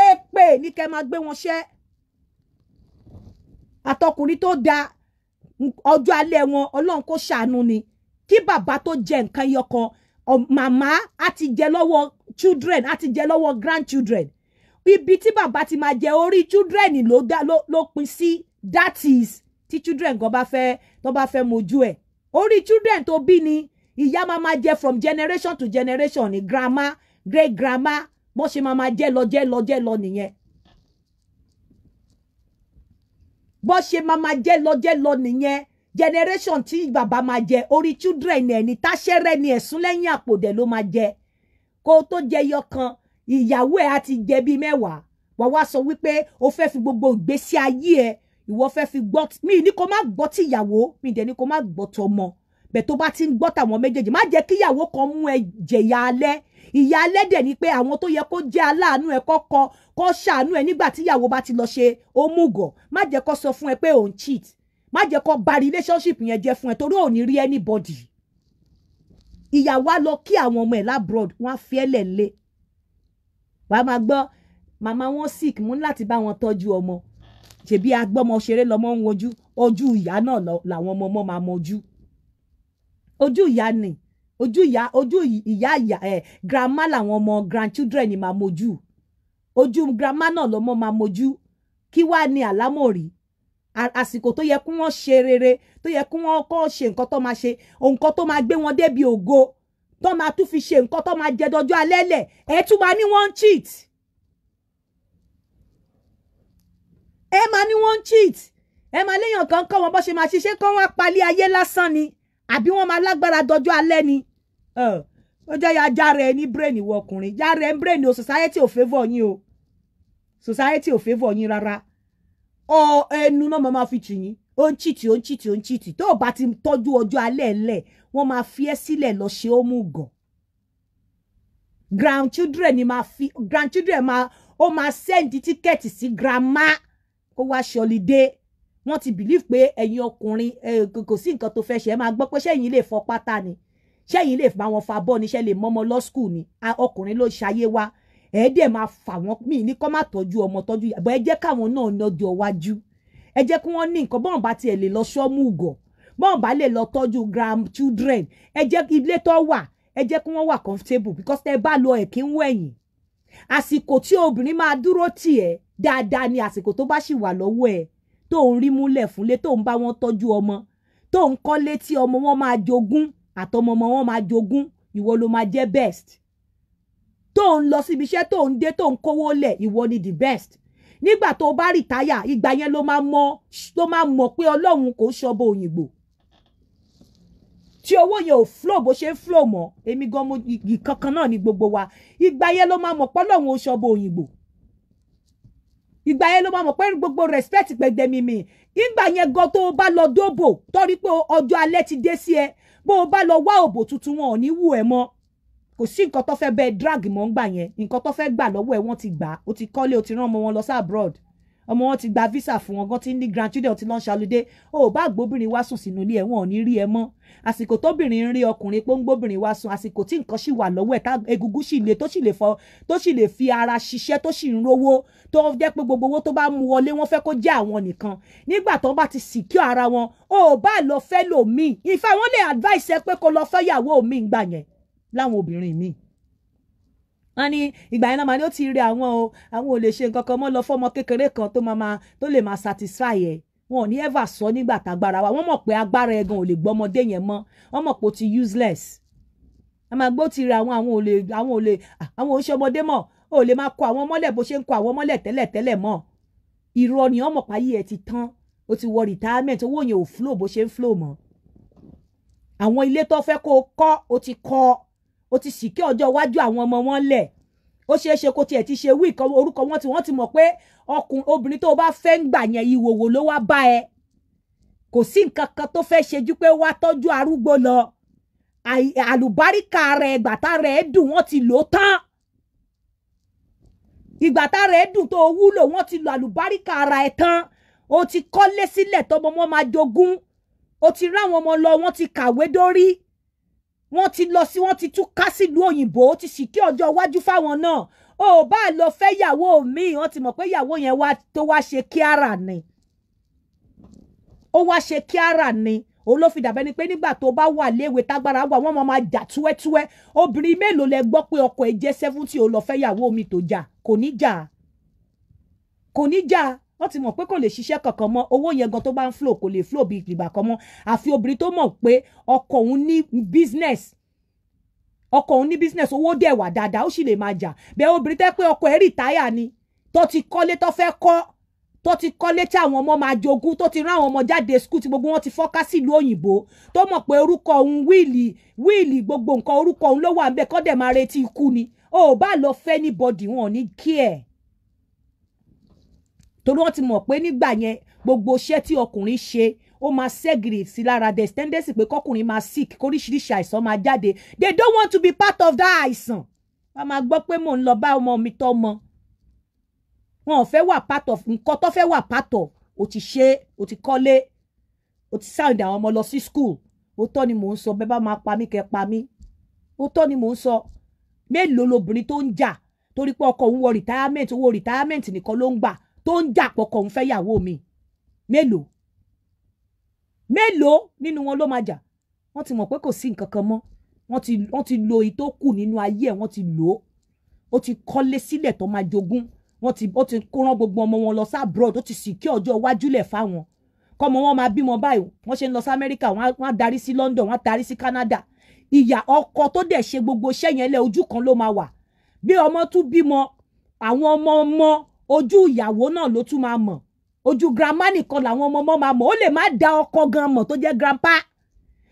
èpè ní kẹ́ máa gbé wọn ṣẹ́ àtọkùnrin tó da ọjọ́ alẹ́ wọn ọlọ́run kó ṣàánú ni kí bàbá tó jẹ nǹkan yọkọ màmá á ti jẹ lọ́wọ́ children á ti jẹ lọ́wọ́ grandchildren ibi tí bàbá ti máa jẹ orí children ló pin sí that is tí children gan bá fẹ́ tó bá fẹ́ mojú ẹ̀ orí children tó bí ni ìyá máa ma jẹ from generation to generation ni grandma great grandma bó ṣe máa ma jẹ lọ jẹ lọ jẹ lọ nìyẹn bó ṣe máa ma jẹ lọ jẹ lọ nìyẹn generation tí bàbá máa jẹ orí children ẹ̀ ní ni ẹ̀sùn lẹ́yìn àpò ló máa jẹ kó o tó jẹ yọ kan ìyàwó ẹ̀ á ti jẹ bíi mẹ́wàá wàá wá sọ wípé o fẹ́ fi gbogbo ìgbésí ayé ẹ̀ ìwọ fẹ́ fi gbọ́ mi ní kó má gbọ́ ti ìyàwó mi dẹ̀ ní kó má gbọ́ tọmọ bẹ̀ tó bá ti ń gbọ́ tàwọn méjèèjì má jẹ́ kí ìyàwó kan mú ẹ jẹ̀yà alẹ́ ìyá alẹ́ dẹ̀ ni pé àwọn tó yẹ kó jẹ́ aláàánú ẹ kọ́kọ́ kọ́ ṣàánú ẹ nígbà tí ìyàwó bá ti lọ ṣe òmùgọ̀ má jẹ́ kó sọ fún ẹ pé òun cheat má jẹ́ kó ba relationship yẹn jẹ́ fún ẹ torí ò ní rí anybody ìyàwó á lọ kí àwọn ọmọ ẹ̀ labroad wọ́n á fi ẹlẹ̀ lé wàá máa gbọ́ màmá wọn sick mú láti bá wọn tọ́jú ọmọ ṣèbí agbọ́mọ ṣeré lọ́mọ ń wojú ojú ìyá náà làwọn ọmọ ọmọ máa mọjú ojú ìyá ni ojú ìyá ojú ìyá ìyá ẹ eh, grandma làwọn ọmọ grandchildren ni máa mọjú ojú grandma náà lọ́mọ máa mọjú kí wàá ní àlámọ̀rí àsìkò tó yẹ kí wọ́n ṣe rere tó yẹ kí wọ́n kọ́ ṣe nǹkan tó máa ṣe nǹkan tó máa gbé wọn débi ògo tó máa tún fi ṣe nǹkan tó máa jẹ dọjọ́ alẹ́ lẹ̀ ẹ̀ tún máa ní wọ́n cheat ẹ máa ní wọ́n ń cheat ẹ máa léèyàn kan kọ́ wọn bó ṣe máa ṣiṣẹ́ kọ́ wọn palẹ̀ ayé lásán ni àbí wọ́n máa lágbára dọjọ́ alẹ́ ni wọ́n jẹ́ ya jára ẹ ní brain ìwọ ọkùnrin jára ẹ ní brain o society ò favour yín o society ò favour yín rárá ọ ẹnu náà mo máa fi tì yín ó ń chìtì ó ń chìtì ó ń chìtì tó o bá ti tọ́jú ọjọ́ alẹ́ ẹ̀lẹ́ wọ́n máa fi ẹ́ sílẹ̀ lọ ṣe ó mú gàn grandchildren ni máa fi grandchildren máa ó máa send tíkẹ́ẹ̀tì sí grandma kó wá ṣe ọlídé ti believe pé ẹ̀yin ọkùnrin kò sí nǹkan tó fẹ́ ṣe ẹ máa gbọ́ pé ṣẹ́yìn lè fọ pátá ni ṣẹ́yìn lè bá wọn fa bọ́ ni ṣẹ́ lè mọ́mọ́ lọ school ni ọkùnrin ló ṣayé wa ẹ̀ẹ́dẹ̀ máa fà wọ́n mí ní kọ́ má tọ́jú ọmọ tọ́jú ìyàbọ̀ ẹ jẹ́ káwọn náà lọ́jọ́ iwájú ẹ jẹ́ kí wọ́n ní nǹkan bọ́n bá tiẹ̀ lè lọ ṣọ́mù ugọ̀ bọ́n bá lè lọ tọ́jú grandchildren ẹ jẹ́ ilé tó wà ẹ jẹ́ kí wọ́n wà comfortable because tẹ́ bá lọ ẹ̀kí àsìkò tí obìnrin máa dúró tì ẹ́ dáadáa ni àsìkò tó bá sì wà lọ́wọ́ ẹ̀ tó ń rí múlẹ̀ fúnlé tó ń bá wọn tọ́jú ọmọ tó ń kọ́lé tí ọmọ wọn máa jogún àtọmọ ọmọ wọn máa jogún ìwọ ló máa jẹ́ best tó ń lọ síbi iṣẹ́ tó ń dé tó ń kówó lẹ̀ ìwọ ni the best nígbà tó bá rìtáyà ìgbà yẹn ló máa mọ̀ ló máa mọ̀ pé ọlọ́run kò ṣọbọ òyìnbó tí owó yẹn ò flow bó ṣe ń flow mọ́ èmi gan mo ìkankan náà ni gbogbo wa ìgbà yẹn ló máa mọ̀ pọ́lọ́hún oṣù ọba òyìnbó ìgbà yẹn ló máa mọ̀ pé gbogbo respect gbẹdẹmí mi ìgbà yẹn gan tó o bá lọ dóbò torí pé ọjọ́ alẹ́ ti dé sí ẹ bó o bá lọ wá òbò tuntun wọn ò ní wù ẹ mọ́ kò sí nǹkan tó fẹ́ bẹ drag mọ́ ń gbà yẹn nǹkan tó fẹ́ gbà lọ́wọ́ ẹ wọ́n ti gbà ó ti kọ́lé ó ti rán ọmọ wọn lọ sí abroad ọmọ wọn ti gba visa fún wọn gan ti ní grandchildren ti lọ́n ṣàlùdé o ò bá gbóbìnrin wá sùn sínú ilé ẹ̀ wọn ò ní rí ẹ mọ́ àsìkò tóbìnrin ń rí ọkùnrin pé ń gbóbìnrin wá sùn àsìkò tí nǹkan sì wà lọ́wọ́ ẹ̀ tá egungun sì le tó sì lè fọ tó sì lè fi ara ṣiṣẹ́ tó sì ń rówó tó jẹ́ pé gbogbo owó tó bá mú wọlé wọn fẹ́ kó jẹ́ àwọn nìkan nígbà tó bá ti secure ara wọn o ò bá lọ fẹ́ lòmíì ìfẹ́ wọn lè advice ẹ pé kó lọ fẹ́ yàwó mi ìgbà yẹn láwọn obìnrin míì wọ́n ní ìgbà yẹn náà màá ní ó ti rí àwọn o àwọn ò lè ṣe nǹkan kan mọ́ lọ fọ́mọ kékeré kan tó máa tó lè máa satisfy ẹ̀ wọn ò ní ever sọ nígbà tágbára wa wọ́n mọ̀ pé agbára ẹ̀gàn ò lè gbọ́mọdé yẹn mọ́ wọ́n mọ̀ pé ó ti useless a máa gbọ́ ti rí àwọn àwọn ò lè àwọn ò lè àwọn ò ń ṣe ọmọdé mọ́ ò lè máa kọ àwọn mọ́lẹ̀ bó ṣe ń kọ àwọn mọ́lẹ̀ tẹ́lẹ̀ tẹ́lẹ̀ mọ́ irọ́ ni ọmọ payé ẹ ti tán ó ti wọ retirement owó yẹn ò flow bó ṣe ń flow mọ́ àwọn ilé tó fẹ́ kó kọ́ ó ti kọ́ ọ́ ó ti sì kí ọjọ́ iwájú àwọn ọmọ wọn lẹ̀ ó ṣeé ṣe kó tiẹ̀ ti ṣe wíìkì orúkọ wọn tí wọ́n ti mọ̀ pé ọkùnrin obìnrin tó bá fẹ́ ń gbà yẹn ìwòwò ló wá bá ẹ kò sí nǹkan kan tó fẹ́ ṣe ju pé wá tọ́jú arúgbó lọ àlùbáríkà rẹ̀ ìgbàtà rẹ̀ dùn wọ́n ti lò tán ìgbàtà rẹ̀ dùn tó wúlò wọ́n ti lò àlùbáríkà ara ẹ̀ tán o ti kọ́lé sílẹ̀ tọmọ wọn máa jogún o ti ráwọn ọmọ lọ wọ́n ti kàwé dórí wọ́n ti lọ sí wọ́n ti túká sílùú òyìnbó ó ti sì kí ọjọ́ iwájú fáwọn náà ò bá lọ fẹ́ yàwó mi wọ́n ti mọ̀ pé yàwó yẹn wá tó wá ṣe kíára ni ó wá ṣe kíára ni òun ló fi dàbẹ́ ni pé nígbà tó bá wà léwe tágbára wà wọ́n máa jà túwẹ́túwẹ́ obìnrin mélòó lẹ gbọ́ pé ọkọ ẹ̀ jẹ́ seventy ò lọ fẹ́ yàwó mi tó jà kò ní jà kò wọ́n ti mọ̀ pé kò lè ṣiṣẹ́ kankan mọ́ owó yẹn gan tó bá ń flow kò lè flow bí ìgbà kan mọ́ àfi obìnrin tó mọ̀ pé ọkọ òun ní business ọkọ òun ní business owó dẹ̀ wà dáadáa ó sì lè máa jà bẹ́ẹ̀ obìnrin tẹ́ pé ọkọ ẹ̀ rìtáyà ni tó ti kọ́lé tó fẹ́ kọ́ tó ti kọ́lé tí àwọn ọmọ máa jogún tó ti rán àwọn ọmọ jáde skul tí gbogbo wọn ti fọ́ká sílùú òyìnbó tó mọ̀ pé orúkọ òun wíìlì wíìlì gbogbo nǹkan orúkọ òun ló wà ń bẹ̀ kọ́ dẹ̀ máa retí ikú ni o ò bá lọ fẹ́ ní bọ́dì wọn ò ní kí ẹ̀ torí wọ́n ti mọ̀ pé nígbà yẹn gbogbo iṣẹ́ tí ọkùnrin ṣe ó máa ṣẹ́gìrì sí lára there's tendency pé kọkùnrin máa sick kóríṣiríṣi àìsàn máa jáde they don't want to be part of that àìsàn wọ́n máa gbọ́ pé mò ń lọ bá ọmọ mi tọ́ mọ wọn ò fẹ́ wà part of nǹkan tó fẹ́ wà part of o ti ṣe o ti kọ́lé o ti sound àwọn ọmọ lọ sí school òótọ́ ni mò ń sọ bẹ́ẹ̀ bá máa pa mí kẹ́ pa mí òótọ́ ni mò ń sọ mélòó lobìnrin tó ń jà torí pé ọkọ òun wọ retirement owó retirement nìkan ló ń gbà tó ń jà pọkọ òun fẹ́ yàwó mi mélòó mélòó nínú wọn ló máa jà wọ́n ti mọ̀ pé kò sí nǹkan kan mọ́ wọ́n ti lo èyí tó kù nínú ayé ẹ̀ wọ́n ti lò ó ó ti kọ́lé sílẹ̀ tó máa jogún wọ́n ti ó ti kó rán gbogbo ọmọ wọn lọ sí abroad ó ti sì kí ọjọ́ iwájú lẹ̀ fáwọn kọ́mọ wọn máa bímọ báyìí wọ́n ṣe ń lọ sí Amẹ́ríkà wọ́n á darí sí London wọ́n á darí sí Canada ìyá ọkọ tó dẹ̀ ṣe gbogbo iṣẹ́ yẹn lẹ̀ ojú kan ló máa wà bí ọmọ tún bímọ àwọn ọmọ ọmọ ojú ìyàwó náà ló tún máa mọ̀ ojú grandma nìkan làwọn ọmọ ọmọ máa mọ̀ ó lè má da ọkọ gan mọ̀ tó jẹ́ grandpa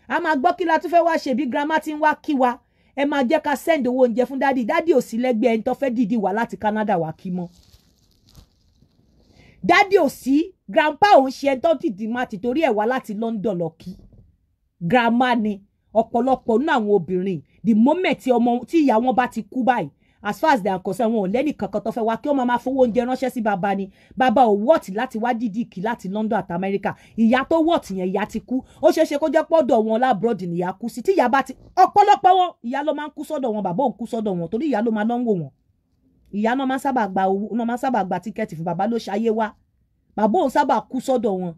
a máa gbọ́ kí la tún fẹ́ wá ṣe bí grandma ti ń wá kí wa ẹ máa jẹ́ ká send owó oúnjẹ fún dádì dádì ò sí lẹ́gbẹ̀ẹ́ ẹni tó fẹ́ dìdí wá láti Canada wá kí mọ́ dádì ò sí grandpa òun ṣe ẹni tó dìdí má ti torí ẹ̀ wá láti London lọ kí grandma ni ọ̀pọ̀lọpọ̀ nínú àwọn obìnrin the moment tí ọmọ tí ìyá wọn bá ti kú báyìí as far as they are concerned wọn ò lẹ́nì kankan tó fẹ́ wá kí wọ́n máa fowó oúnjẹ ránṣẹ́ sí Baba, ni bàbá ò wọ́ọ̀tì láti wá dídì kì láti London àti America? ìyá tó wọ́ọ̀tì yẹn ìyá ti kú ó ṣeé ṣe kó jẹ́ pọ́dọ̀ wọn lábúròdì nìyá kú sí tí ìyá bá ti ọ̀pọ̀lọpọ̀ wọn ìyá ló máa ń kú sọ́dọ̀ wọn bàbá ò kú sọ́dọ̀ wọn torí ìyá ló máa lọ́wọ́ wọn ìyá náà máa ń sábà gba owó náà máa ń sábà gba tíkẹ́ẹ̀tì fún bàbá ló ṣayé wá bàbá òun sábà kú sọ́dọ̀ wọn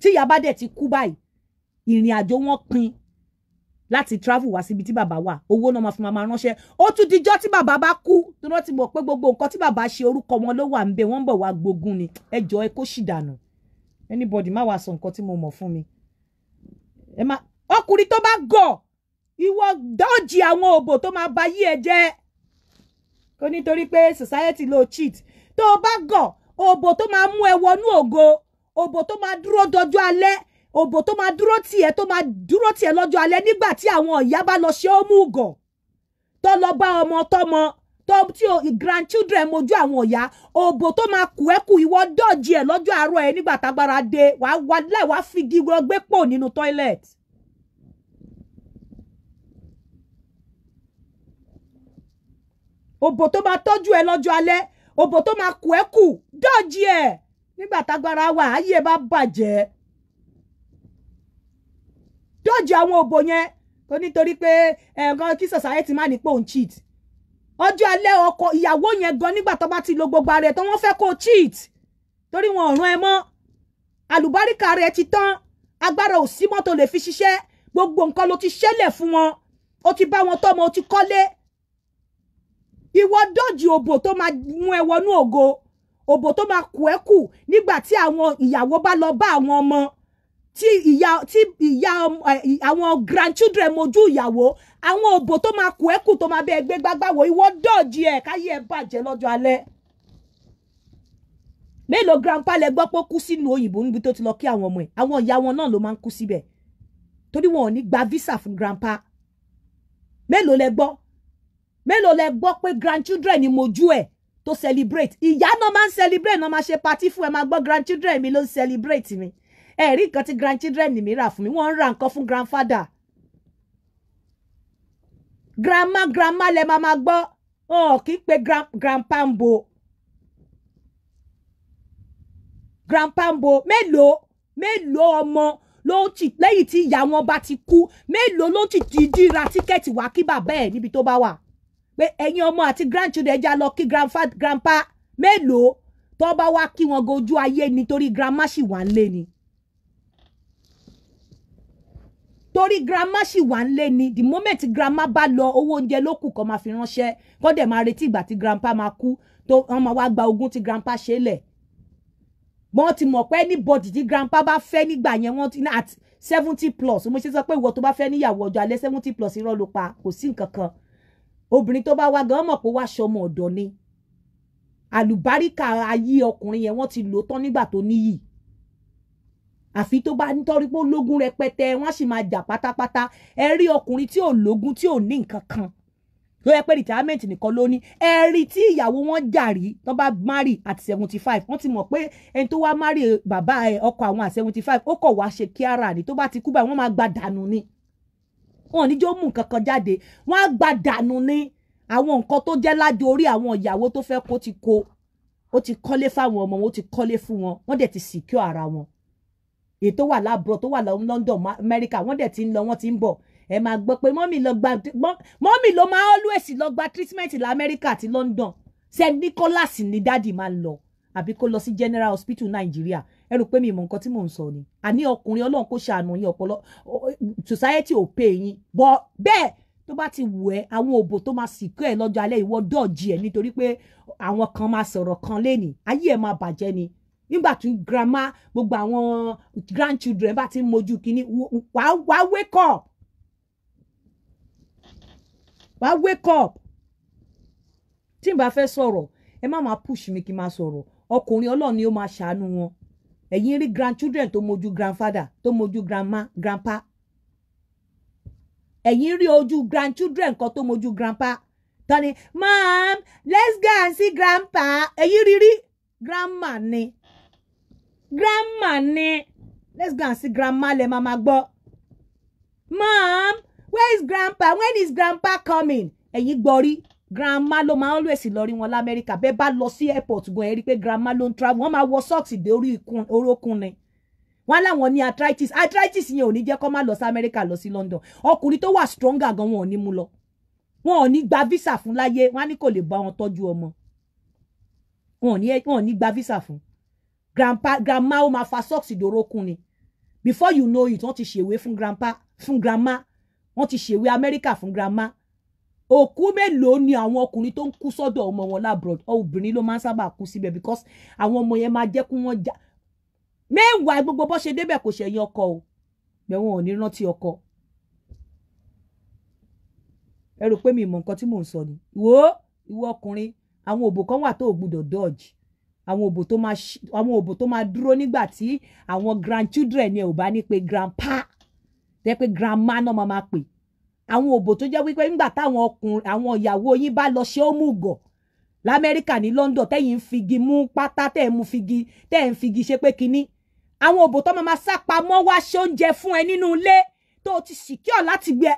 tí ìyá bá dẹ̀ ti kú báyìí ìrìn àjò wọn pin láti travel wá síbi tí bàbá wà owó náà máa fi máa ránṣẹ́ ó tún dijọ́ tí bàbá bá kú tó rántí mọ̀ pé gbogbo nǹkan tí bàbá ṣe orúkọ wọn ló wà ń bẹ wọ́n ń bọ̀ wá gbógun ni ẹ ẹ kó sì dànù anybody má wàá sọ nǹkan tí mo mọ̀ fún mi ẹ má ọkùnrin tó bá gọ̀ ìwọ dọ́ọ̀jì àwọn òbò tó máa ba yí ẹ jẹ́ kó nítorí pé society ló cheat tó o bá gọ̀ òbò tó máa mú ẹ wọnú ògo òbò tó máa dúró dọjọ́ alẹ́ òbò tó máa dúró tiẹ̀ tó máa dúró tiẹ̀ lọ́jọ́ alẹ́ nígbà tí àwọn ìyá bá lọ ṣe ó mú tó lọ bá ọmọ tọmọ tó tí o grandchildren mojú àwọn ọ̀yá òbò tó máa kù ẹ́ kù ìwọ dọ́ọ̀jì ẹ̀ lọ́jọ́ àárọ̀ ẹ̀ nígbà tágbára dé wàá wà láì wàá fi gígbó gbé pò nínú toilet. òbò tó máa tọ́jú ẹ lọ́jọ́ alẹ́ òbò tó máa kù ẹ́ kù dọ́ọ̀jì ẹ̀ nígbà tágbára wà ayé bá bàjẹ́ dọ́jì àwọn òbò yẹn tó nítorí pé ẹ̀ẹ̀kan eh, kí society má ní pé òun cheat ọjọ́ alẹ́ ọkọ ìyàwó yẹn gan nígbà tó bá ti lo gbogbo ara ẹ̀ tó wọ́n fẹ́ kó cheat torí wọn ò ràn ẹ mọ́ àlùbáríkà rẹ̀ ti tán agbára ò sí mọ́tò lè fi ṣiṣẹ́ gbogbo nǹkan ló ti ṣẹlẹ̀ fún wọn ó ti bá wọn tọ́mọ ó ti kọ́lé ìwọ dọ́jì òbò tó máa mú ẹ wọnú ògo òbò tó máa kù ẹ́ kù nígbà tí àwọn ìyàwó bá lọ bá àwọn ọmọ tí ìyá tí ìyá àwọn grandchildren mojú ìyàwó àwọn òbò tó máa kú ẹkù tó máa bẹ ẹgbẹ gbágbáwo ìwọ dọ̀jì ẹ káyé ẹ bàjẹ́ lọ́jọ́ alẹ́ mélòó grandpa lẹ gbọ́ pé ó kú sínú òyìnbó níbi tó ti lọ kí àwọn ọmọ ẹ̀ àwọn ìyá wọn náà ló máa ń kú síbẹ̀ torí wọn ò ní gba visa fún grandpa mélòó lẹ gbọ́ mélòó lẹ gbọ́ pé grandchildren ni mojú ẹ̀ to celebrate ìyá náà máa ń celebrate náà máa ṣe party fún ẹ máa gbọ́ grandchildren mi ló ń celebrate mi ẹ̀rí nǹkan tí grandchildren mi rà fún mi wọ́n ń ra nǹkan fún grandfather grandma grandma lẹ máa máa gbọ́ wọn ò kí ń pe grandpa ń bo grandpa ń bo mélòó mélòó ọmọ ló ti lẹ́yìn tí ìyá wọn bá ti kú mélòó ló ti dídí ra tíkẹ́ẹ̀tì wá kí bàbá ẹ̀ níbi tó bá wà pé ẹ̀yin ọmọ àti grandchildren já lọ kí grandpa mélòó tó bá wá kí wọn gojú ayé nítorí grandma ṣì wà ń lé ni. torí grandma ṣì wà ń lé ni the moment grandma bá lọ owó oúnjẹ ló kù kó máa fi ránṣẹ́ kó dẹ̀ máa retí ìgbà tí grandpa máa kú tó wọ́n máa wá gba ogún tí grandpa ṣe lẹ̀ wọ́n ti mọ̀ pé anybody tí grandpa bá fẹ́ nígbà yẹn wọ́n ti ní at seventy plus mo ṣe sọ pé ìwọ tó bá fẹ́ níyàwó ọjọ́ alẹ́ seventy plus irọ́ ló pa kò sí nǹkan kan obìnrin tó bá wá gan mọ̀ pé wá ṣọmọ ọ̀dọ̀ ni àlùbáríkà ayé ọkùnrin yẹn wọ́n ti lò tán nígbà tó níyì àfi tó bá nítorí pé ó lógún rẹpẹtẹ wọn á sì máa jà pátápátá ẹ rí ọkùnrin tí ò lógún tí ò ní nǹkan kan ló yẹ pé retirement nìkan ló ní ẹ rí tí ìyàwó wọn jà rí bá marry at seventy five wọ́n ti mọ̀ pé ẹni tó wá marry bàbá ẹ ọkọ àwọn at seventy five ó kọ̀ wá ṣe kíára ni tó bá ti kú báyìí wọ́n máa gba dànù ni wọn ò ní jó mú nǹkan kan jáde wọ́n á gba dànù ni àwọn nǹkan tó jẹ́ lájọ orí àwọn ìyàwó tó fẹ́ kó ti kó ó ti kọ́lé fáwọn ọmọ wọn ó ti kọ́lé fún wọn wọ́n dẹ̀ ti secure ara wọn èyí tó wà lábúrò tó wà London America wọ́n dẹ̀ ti ń lọ wọ́n ti ń bọ̀ ẹ máa gbọ́ pé mọ́mì lọ gba mọ́mì ló máa always lọ gba treatment lamẹ́ríkà àti London St Nicholas ni dáàdì máa ń lọ àbí kó lọ sí General Hospital Nàìjíríà ẹ rò pé mi mọ nǹkan tí mò ń sọ ni àní ọkùnrin Ọlọ́run kó ṣàánú yín ọpọlọ society ò pè yín bọ bẹ́ẹ̀ tó bá ti wù ẹ àwọn òbò tó máa sìnkú ẹ lọ́jọ́ alẹ́ ìwọ dọọjì ẹ nítorí pé àwọn kan máa sọ̀rọ̀ kan lẹni ayé ẹ máa bàjẹ́ ni nígbà tí grandma gbogbo àwọn grandchildren bá ti ń mojú kínní wàá wàá wake up wàá wake up tí n bá fẹ́ sọ̀rọ̀ ẹ má máa push mi kí n máa sọ̀rọ̀ ọkùnrin ọlọ́run ni ó máa ṣàánú wọn ẹ̀yin rí grandchildren tó mojú grandfather tó mojú grandma grandpa ẹ̀yin rí ojú grandchildren kan tó mojú grandpa tani mom let's go and see grandpa ẹ̀yin rí rí grandma ni grandma ni let's go and see grandma Le mama Gbo. mom where is grandpa when is grandpa coming ẹ̀yin gbọ́ rí grandma ló máa always lọ rí wọn lamẹ́ríkà bẹ́ẹ̀ bá lọ sí airport gan ẹ rí grandma ló ń travel wọ́n máa wọ socks dé orí orókùn ni wọn láwọn ní arthritis arthritis yẹn ò ní jẹ́ kó má lọ sí amẹ́ríkà lọ sí london ọkùnrin tó wà stronger gan wọn ò ní mú lọ wọn ò ní gba visa fún láyé wọn á ní kò lè bá wọn tọ́jú ọmọ wọn ò ní gba visa fún grandpa grandma ó máa fa sọ́ọ̀sì dòrókun ni before you know it wọ́n ti ṣèwé fún grandpa fún grandma wọ́n ti ṣèwé amẹ́ríkà fún grandma òkú mélòó ni àwọn ọkùnrin tó ń kú sọ́dọ̀ ọmọ wọn labroad obìnrin ló máa ń sábà kú síbẹ̀ because àwọn ọmọ yẹn máa jẹ́ kí wọ́n já mẹ́wàá gbogbo bó ṣe débẹ̀ kò ṣẹ̀yìn ọkọ o mẹ́wọ́n ò ní rántí ọkọ ẹ rò pé mi mọ nǹkan tí mò ń sọ ni wo ìwọ ọkùnrin àwọn òbò kan wà tó o dodge àwọn òbò tó máa àwọn òbò tó máa dúró nígbà tí àwọn grandchildren ni ò bá ní pé grandpa jẹ́ pé grandma náà máa máa pè àwọn òbò tó jẹ́ wípé nígbà táwọn ọkùnrin àwọn ìyàwó yín bá lọ ṣe ó mú gọ̀ lamẹ́ríkà ní London tẹ́yìn figi mú pátá tẹ́ ẹ̀ mú figi tẹ́ ẹ̀ ń figi ṣe pé kinní àwọn òbò tó máa máa sá pamọ́ wá ṣe oúnjẹ fún ẹ nínú ilé tó ti ṣìkíọ̀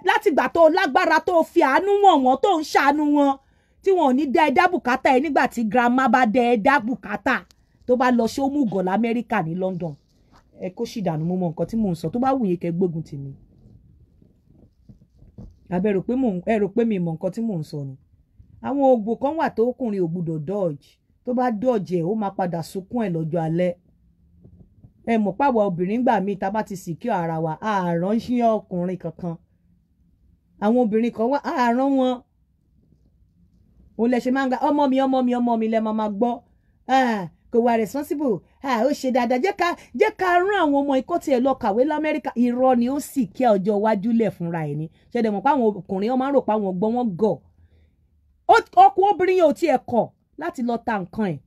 látìgbà tó lágbára tó fi àánú wọ̀n wọ́n tó ń ṣàánú wọn tí wọn ò ní dá ẹ dá bùkátà ẹ nígbà tí grandma bá dá ẹ dá bùkátà tó bá lọ ṣé ó mú gàn lamẹ́ríkà ní London ẹ kó sì dànù mo mọ nǹkan tí mò ń sọ tó bá wù yín gbógun tì mí àbẹ rò pé ẹ rò pé mi mọ nǹkan tí mò ń sọ ni àwọn ògbò kan wà tó kùnrin ògbúdọ̀ dodge tó bá dodge ẹ̀ ó máa padà sunkún ẹ̀ lọ́jọ́ alẹ́ ẹ mọ̀ pàwọ̀ obìnrin gbà míì tá a bá ti sìkí ara wa àárọ̀ ń ṣí ọkùnrin kankan àwọn obìnrin kan wà àárọ̀ wọn òun lẹ ṣe máa ń ga ọmọ mi ọmọ mi ọmọ mi lẹ máa máa gbọ́ ah, kò wà responsible ah, ó ṣe dáadáa jẹ́ ká jẹ́ ká rán àwọn ọmọ ikọ́ tiẹ̀ lọ kàwé lamẹ́ríkà irọ́ ni ó sì kí ọjọ́ iwájú lẹ̀ fúnra ẹ̀ ni ṣẹ̀dẹ̀ mọ̀ pé àwọn ọkùnrin ọmọ rò pé àwọn gbọ́n wọn gọ̀ ọkùn obìnrin yóò tiẹ̀ kọ̀ láti lọ ta nǹkan ẹ̀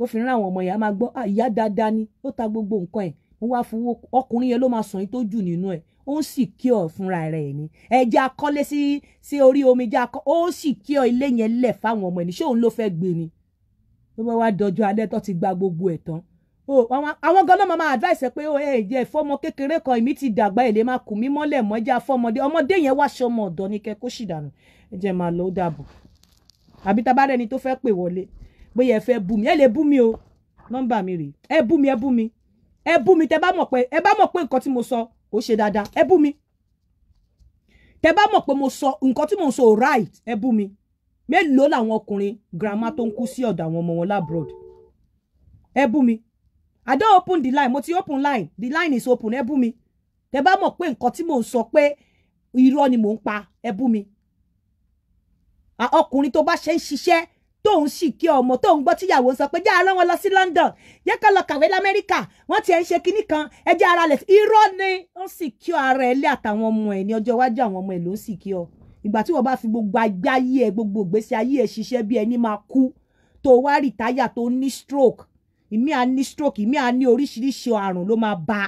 ó fi rán àwọn ọmọ yẹn a máa gbọ́ ah, ìyá dáadáa ni ó ta gbogbo nǹkan ẹ̀ wọ́n wá fowó ọkùnrin yẹn ló máa sàn yín tó jù nínú ẹ̀ ó ń sì kí ọ fúnra rẹ ni ẹjẹ akọlé sí sí orí omi jẹ akọ ó sì kí ọ ilé yẹn lẹ fáwọn ọmọ ẹni ṣé òun ló fẹ́ gbé ni ló bá wá dọjọ́ alẹ́ tó ti gba gbogbo ẹ̀ tán o àwọn gan náà máa máa advice pé ó ẹ jẹ fọmọ kékeré kan èmi ti dàgbà èlé máa kù mí mọ́lẹ̀ mọ́jà fọmọdé ọmọdé yẹn wá ṣọmọ ọ̀dọ́ ní kẹ kó sì dànù ẹ jẹ máa lọ ó dàbọ̀ àbí tá a bá rẹni tó fẹ́ pè wọlé bóyá ẹ fẹ́ bú mi ẹ lè bú mi o nọ́mbà mi rèé ẹ bú mi ẹ bú mi ẹ bú mi tẹ bá mọ̀ pé ẹ bá mọ̀ pé nǹkan tí mo sọ ó ṣe dáadáa ẹ bú mi tẹ bá mọ̀ pé mo sọ nǹkan tí mo sọ right ẹ bú mi mélòó làwọn ọkùnrin grandma tó ń kú sí ọ̀dọ̀ àwọn ọmọ wọn labroad ẹ bú mi i don open the line mo ti open line the line is open ẹ bú mi tẹ bá mọ̀ pé nǹkan tí mo ń sọ pé irọ́ ni mò ń pa ẹ bú mi ọkùnrin tó bá ṣe ń ṣiṣẹ́ tóun sì kí ọmọ tóun gbọ́ tíyàwó sọ pé jẹ́ arán wọn lọ sí London jẹ́ kó lọ kàwé lamẹ́ríkà wọ́n ti ẹ̀ ń ṣe kinní kan ẹjẹ́ ara rẹ̀ irọ́ ni ó sì kí ọ ara ẹ̀ lé àtàwọn ọmọ ẹ̀ ní ọjọ́ iwájú àwọn ọmọ ẹ̀ ló ń sì kí ọ ìgbà tí wọ́n bá fi gbogbo agbé ayé ẹ̀ gbogbo ìgbésí ayé ẹ̀ ṣiṣẹ́ bí ẹni máa kú tó wá rìtáyà tó ní stroke ìmí à ní stroke ìmí à ní oríṣiríṣi àrùn ló máa ba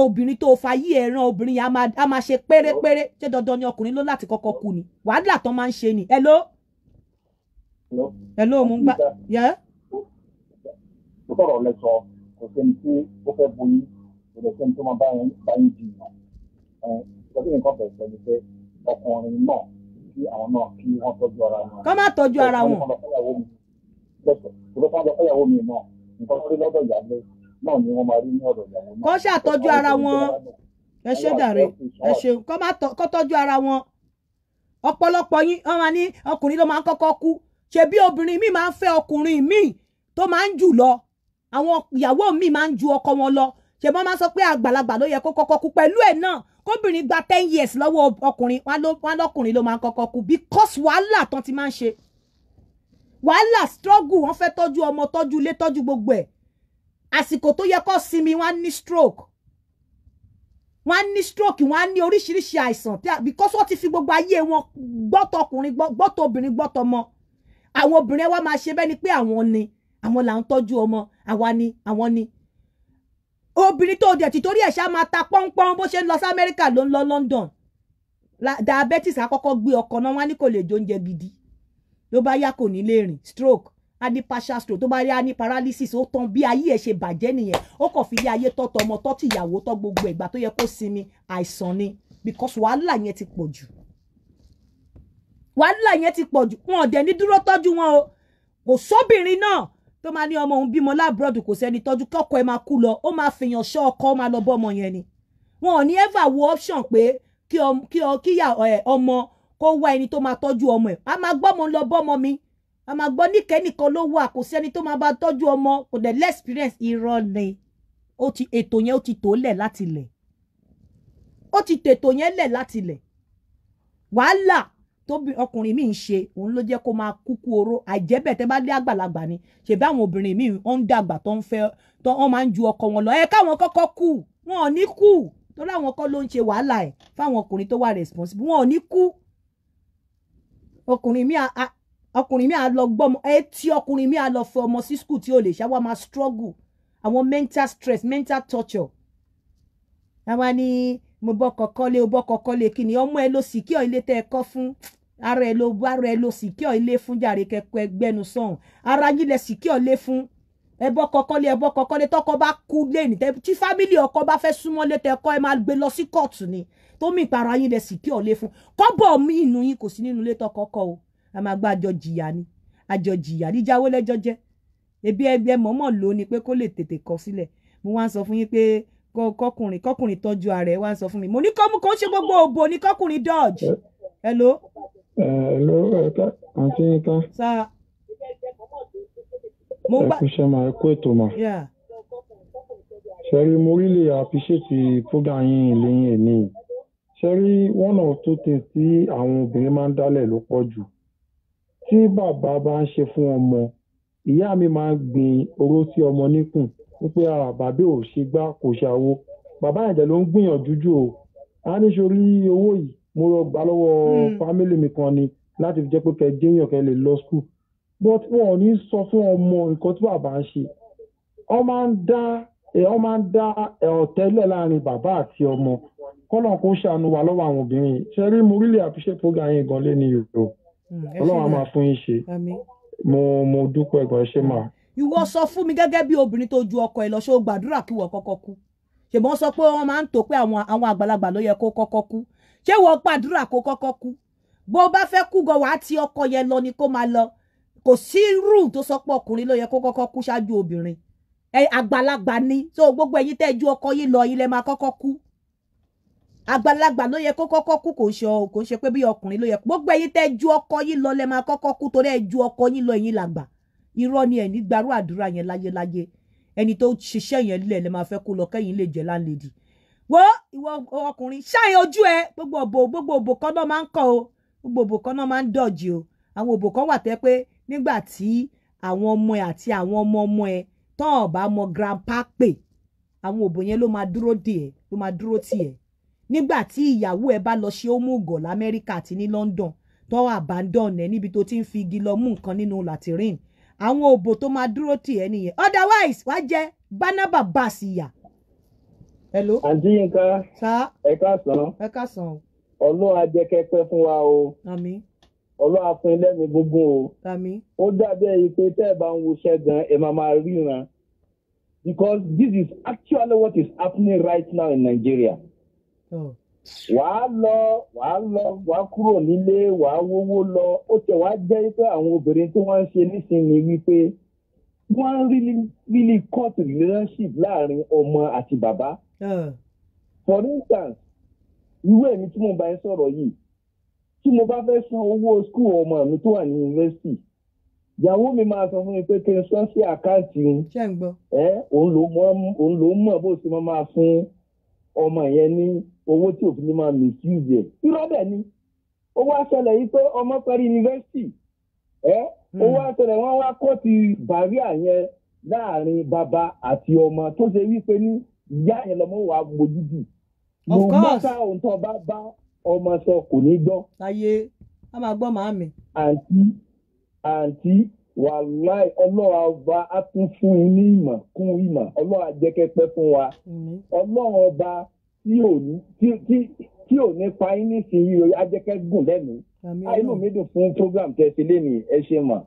obìnrin tó fa yí ẹran obìnrin yẹn a máa ṣe pérépéré ṣé dandan ni ọkùnrin ló láti kọ́kọ́ kú ni wàhálà tán máa ń ṣe ni ẹ lóò hello mo ń yeah yẹ. mo sọ̀rọ̀ lẹ́sọ̀ kò sẹ́ni tí ó fẹ́ boyún kò lè sẹ́ni tó máa bá yín jiyàn ìtọ́jú nǹkan bẹ̀rẹ̀ sọ ni pé ọkùnrin náà kí àwọn náà kí wọ́n tọ́jú ara wọn. kọ́ máa tọ́jú ara wọn. olùkọ́ lọ fẹ́yàwó mi náà nǹkan tó rí lọ́dọ̀ ìyáálé náà ni wọ́n máa rí ara wọn ẹ ṣe dàrẹ ẹ ṣe kọ́ tọ́jú ara wọn ọ̀pọ̀lọpọ̀ yín wọ́n máa ní ọkùnrin ló máa ń kọ́kọ́ kú ṣebí obìnrin mi máa ń fẹ́ ọkùnrin mi tó máa ń jù lọ àwọn ìyàwó mi máa ń ju ọkọ wọn lọ ṣe máa sọ pé àgbàlagbà ló yẹ kó kọ́kọ́ kú pẹ̀lú ẹ̀ náà kóbìnrin gba ten years lọ́wọ́ ọkùnrin wọn lọ́kùnrin ló máa ń kọ́kọ́ kú because wàhálà tán ti máa ń ṣe wàhálà struggle wọn fẹ́ tọ́jú ọmọ tọ́jú ilé tọ́jú gbogbo ẹ̀ àsìkò tó yẹ kó sinmi wọn ní stroke wọn ní stroke wọn ní oríṣiríṣi àìsàn because wọn ti fi gbogbo ayé wọn gbọ́tọ̀ ọkùnrin gbọ́tọ̀ obìnrin gbọ́tọ̀ ọmọ àwọn obìnrin wa máa ṣe bẹ́ẹ̀ ni pé àwọn ni àwọn là ń tọ́jú ọmọ àwa ni àwọn ni obìnrin tó dẹ̀ tìtorí ẹ̀ ṣá máa ta pọ́npọ́n bó ṣe ń lọ sí Amẹ́ríkà ló ń lọ London diabetes àkọ́kọ́ gbé ọkọ̀ náà wá ní kò lè jóúnjẹ gidi ló bá yá kò ní lè rìn stroke a ní stroke tó bá rí a paralysis ó tán bí ayé ẹ̀ ṣe bàjẹ́ nìyẹn ó kàn fi ilé ayé tọ́tọ̀ ọmọ tọ́tù ìyàwó tọ́ gbogbo ìgbà tó yẹ kó sinmi àìsàn ni because wàhálà yẹn ti pọ̀ jù wàhálà yẹn ti pọ̀ jù wọn ọ̀dẹ̀ ní dúró tọ́jú wọn o kò sóbìnrin náà tó máa ní ọmọ òun bímọ lábúrọ̀dù kò sẹ́ni tọ́jú kọ́kọ́ ẹ máa kú lọ ó máa fìyàn ṣọ́ ọkọ ó máa lọ bọ́ ọmọ yẹn ni wọn ò ní ever wo option pé kíyà ọmọ kó wá ẹni tó máa tọ́jú ọmọ ẹ̀ a máa gbọ́ ọmọ lọ bọ́ ọmọ mi a máa gbọ́ níkẹ́nìkan ló wà kò sẹ́ni tó máa bá tọ́jú ọmọ kò dẹ̀ lẹ́spírẹ́ǹsì irọ́ ni ètò yẹn ó ti tò lẹ̀ láti lẹ̀ ó ti tètò yẹn lẹ̀ láti lẹ̀ wàhálà tóbi ọkùnrin mi ń ṣe òun ló jẹ́ kó máa kúkú oró àjẹ́bẹ̀ tẹ́ bá dé àgbàlagbà ni ṣèbí àwọn obìnrin mi ò ń dàgbà tó ń fẹ́ tó wọ́n máa ń ju ọkọ wọn lọ ẹ káwọn kọ́kọ́ kú wọn ò ní kú torí àwọn kọ́ ló ń ṣe wàhálà ẹ̀ fáwọn ọkùnrin tó wà responsible wọn ò ní kú ọkùnrin mi a ọkùnrin mi à lọ gbọ́mọ ẹ tí ọkùnrin mi à lọ fẹ́ ọmọ sí school tí ò lè ṣáwá máa struggle àwọn mental stress mental torture àwa ni mo bọ́ kọ́kọ́ lé mo bọ́ kọ́kọ́ lé kí ni ọmọ ẹ ló sì kí ọ̀ ilé tẹ́ ẹ kọ́ fún ara ẹ ló ara ẹ ló secure ilé fún jàre kẹkọ ẹgbẹnu sọhùn ara yín lẹ secure ilé fún ẹbọ kọkọlé ẹbọ kọkọlé tọkọ bá kú lẹni tí fámìlì ọkọ bá fẹ́ súnmọ́ létẹ ẹkọ ẹ máa gbé lọ sí kóòtù ni tó mì para yín lẹ secure ilé fún kọ́bọ̀ mi inú yín kò sí nínú ilé tọkọ kọ o a máa gbá àjọ jìyà ni àjọ jìyà níjàwó lẹjọ jẹ ebi ẹgbẹ mọ̀mọ́ ló ni pé kó lè tètè kọ sílẹ̀ mo wá ń sọ fún yín pé kọkùnrin kọkùnrin tọ́jú ara ẹ wá ń sọ fún mi mo ní kọ́mú kó ń ṣe gbogbo òbò ní kọkùnrin dodge hello lórúkọ ẹ̀ka àti yínká. sá mo ń gbà. ẹ kú iṣẹ́ máa ẹ kú ètò mà. ṣẹ́rí mo really appreciate program yín lẹ́yìn ẹ̀ nìyí ṣẹ́rí one or two things tí àwọn obìnrin máa ń dálẹ̀ ló pọ̀ jù tí bàbá bá ń ṣe fún ọmọ ìyá mi máa ń gbin oró sí ọmọ níkùn wípé a ah, bàbá ò ṣe gbá kò ṣàwo bàbá ìjẹ ló ń gbìyànjú jù o a ní sori owó yìí mo rọ gbà lọ́wọ́ hmm. fámílì mi kan ni láti fi jẹ́ pé kẹ́ déèyàn kẹ́ lè lọ skul but wọn ò ní sọ fún ọmọ nǹkan tí bàbá ń ṣe ọ máa ń dá eh, ọ máa ń dá eh, ọ̀tẹ́lẹ̀ láàrin bàbá àti ọmọ kọ́nà kó ṣàánú wa lọ́wọ́ àwọn obìnrin ṣe rí mo really appreciate program yẹn gan lé ní yòrò ọlọ́run á máa fún yín ṣe mo mo dúpọ̀ ẹ̀gbọ́n ṣe máa. ìwọ sọ fún mi gẹ́gẹ́ bí obìnrin tó ju ọkọ ẹ̀ lọ ṣé gbàdúrà kí wọ́n kọ́kọ́ kú ṣùgbọ́n sọ pé wọ́n máa ń tò pé àwọn àgbàlagbà ló yẹ kó kọ́kọ́ kú ṣé wọ́n gbàdúrà kó kọ́kọ́ kú bó bá fẹ́ kú gan wàá ti ọkọ yẹn lọ ni kó máa lọ kò sí rúù tó sọ pé ọkùnrin ló yẹ kó kọ́kọ́ kú ṣáájú obìnrin ẹ àgbàlagbà ni so gbogbo ẹ̀yin tẹ́ ju ọkọ yín lọ ilẹ̀ máa kọ́kọ́ kú àgbàlagbà ló yẹ kó kọ́kọ́ kú kò ṣe kò ṣe pé bí ọkùnrin ló yẹ gbogbo ẹ̀yin tẹ́ ju ọkọ yín lọ lẹ máa kọ́kọ́ kú torí ẹ ju ọkọ yín lọ ẹ̀yin làgbà irọ́ ni ẹni gbarú àdúrà yẹn láyéláyé ẹni tó ṣiṣẹ́ yẹn lẹ̀ lẹ máa fẹ́ kó lọ kẹ́yìn lè jẹ́ láńlẹ́dì wo ìwọ ọkùnrin ṣáàyàn ojú ẹ gbogbo òbò gbogbo òbò kan náà man ń kọ o gbogbo òbò kan náà máa ń dọ̀jì o àwọn òbò kan wà tẹ́ pé nígbà tí àwọn ọmọ ẹ àti àwọn ọmọ ọmọ ẹ tán ọba mọ grandpa pè àwọn òbò yẹn ló máa dúró dè ẹ ló máa dúró tì ẹ nígbà tí ìyàwó ẹ bá lọ ṣe òmùgọ̀ lamẹ́ríkà àti ní London tán abandon ẹ níbi tó ti ń fi igi lọ mú nǹkan nínú latrine àwọn òbò tó máa dúró tì ẹ nìyẹn otherwise wàá jẹ bánábà bá sí hello. àǹtí Yínká. sá. ẹ káàsán. ẹ káàsán. ọlọ́run á jẹ́ fún wa o. àmín. ọlọ́run á fún ilé mi gúngún o. àmín. ó dàbẹ́ yìí pé tẹ́ ẹ bá ń woṣẹ́ gan ẹ máa máa ríran because this is actually what is happening right now in Nigeria. Oh wàá lọ wàá lọ wàá kúrò nílé wàá wówó lọ ó tẹ wàá jẹ́ pé àwọn obìnrin tí wọ́n ń ṣe nísìnyìí wípé wọ́n ń really really cut relationship láàrin ọmọ àti bàbá for instance ìwé mi tí mo bá ń sọ̀rọ̀ yìí tí mo bá fẹ́ san owó skul ọmọ mi tó wà ní yunifásitì ìyàwó mi máa sọ fún mi pé kí n san sí àkáǹtì òun òun ló mọ̀ bó ṣe máa fún ọmọ yẹn ní owó tí òfin ní máa misuse ẹ̀ irọ́ bẹ́ẹ̀ ni owó àṣẹlẹ̀ yìí pé ọmọ parí yunifásitì owó àṣẹlẹ̀ wọn wá hmm. kóòtù bàríà yẹn láàrin bàbá àti ọmọ tó ṣe wípé ní ìyá yẹn lọmọ wàá mójú jù mo mọ́ta ohun tó bá bá ọmọ sọ kò ní gbọ́. ayé a máa gbọ́ màámi. àǹtí àǹtí wàláì ọlọ́wà ọba á tún fún yín ní ìmọ̀ kún ìmọ̀ ọlọ́wà jẹ́kẹ́pẹ́ fún wa ọlọ́wà ọba tí ò ní tí ò ní pa yín nísìnyí ajẹ́kẹ́ gùn lẹ́nu inú mi dùn fún program tẹ̀sí lẹ́nu ẹ ṣe mọ̀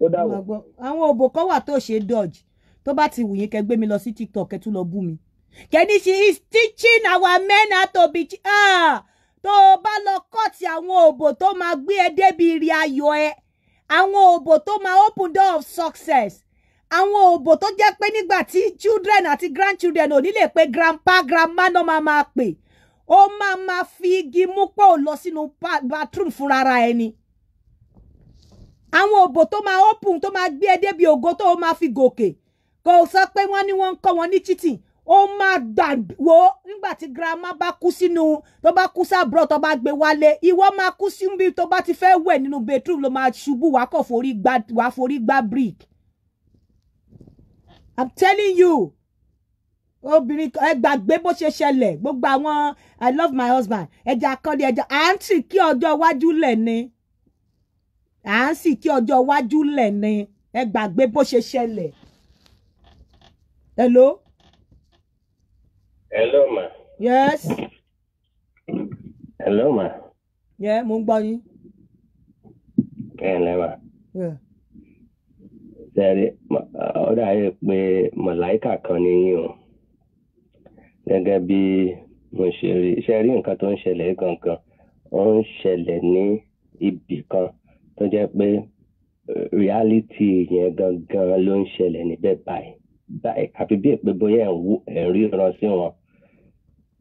ó dáwọ́. àwọn òbò kan wà tó ṣe dodge tó bá ti wù yín kẹ́ gbé mi lọ sí tiktok kẹ́ tún lọ bú mi kẹ́ni she is teaching our men how to be ah tó o bá lọ kọ́ọ̀tì àwọn òbò tó máa gbé ẹ débi ìrì ayọ̀ ẹ àwọn òbò tó máa open door of success àwọn òbò tó jẹ́ pé nígbà tí children àti grandchildren ò ní lè pe grandpa grandma náà máa máa pè ó máa máa fi igi mú pé ò lọ sínú bathroom fúnra ẹni àwọn òbò tó máa open tó máa gbé ẹ débi ògo tó máa fi gòkè kò sọ pé wọ́n ní wọ́n ń kọ́ wọn ní cheating ó máa gbàgbó nígbà tí girama bá kú sínú tó bá kú sábúrò tó bá gbé wálé ìwọ máa kú síbi tó bá ti fẹ́ wẹ̀ nínú bedroom ló máa ṣubú wàá kọ̀ forí gbá wàá forí gbá brick i'm telling you obìnrin ẹ gbàgbé bó ṣe ṣẹlẹ̀ gbogbo àwọn i love my husband ẹja kọ́ni ẹja à kí ọjọ́ iwájú lẹ̀ ni à kí ọjọ́ iwájú lẹ̀ ni ẹ gbàgbé bó ṣe ṣẹlẹ̀ hello. Hello, ma. Yes. Hello, ma. Yeah, mo ń gbọ́ yín. Ẹ ǹlẹ́ ma. Sẹ́rí, ó dàbí pé mọ̀láìkà kan ni yín o. Gẹ́gẹ́ bí mo ṣe rí, ṣe rí nǹkan tó ń ṣẹlẹ̀ gangan, ó ń ṣẹlẹ̀ ní ibì kan tó jẹ́ pé eh, reality yẹn gangan ló ń ṣẹlẹ̀ níbẹ̀ báyìí. Àfi bí èpè bóyá ẹ̀ ń rí ìran wọn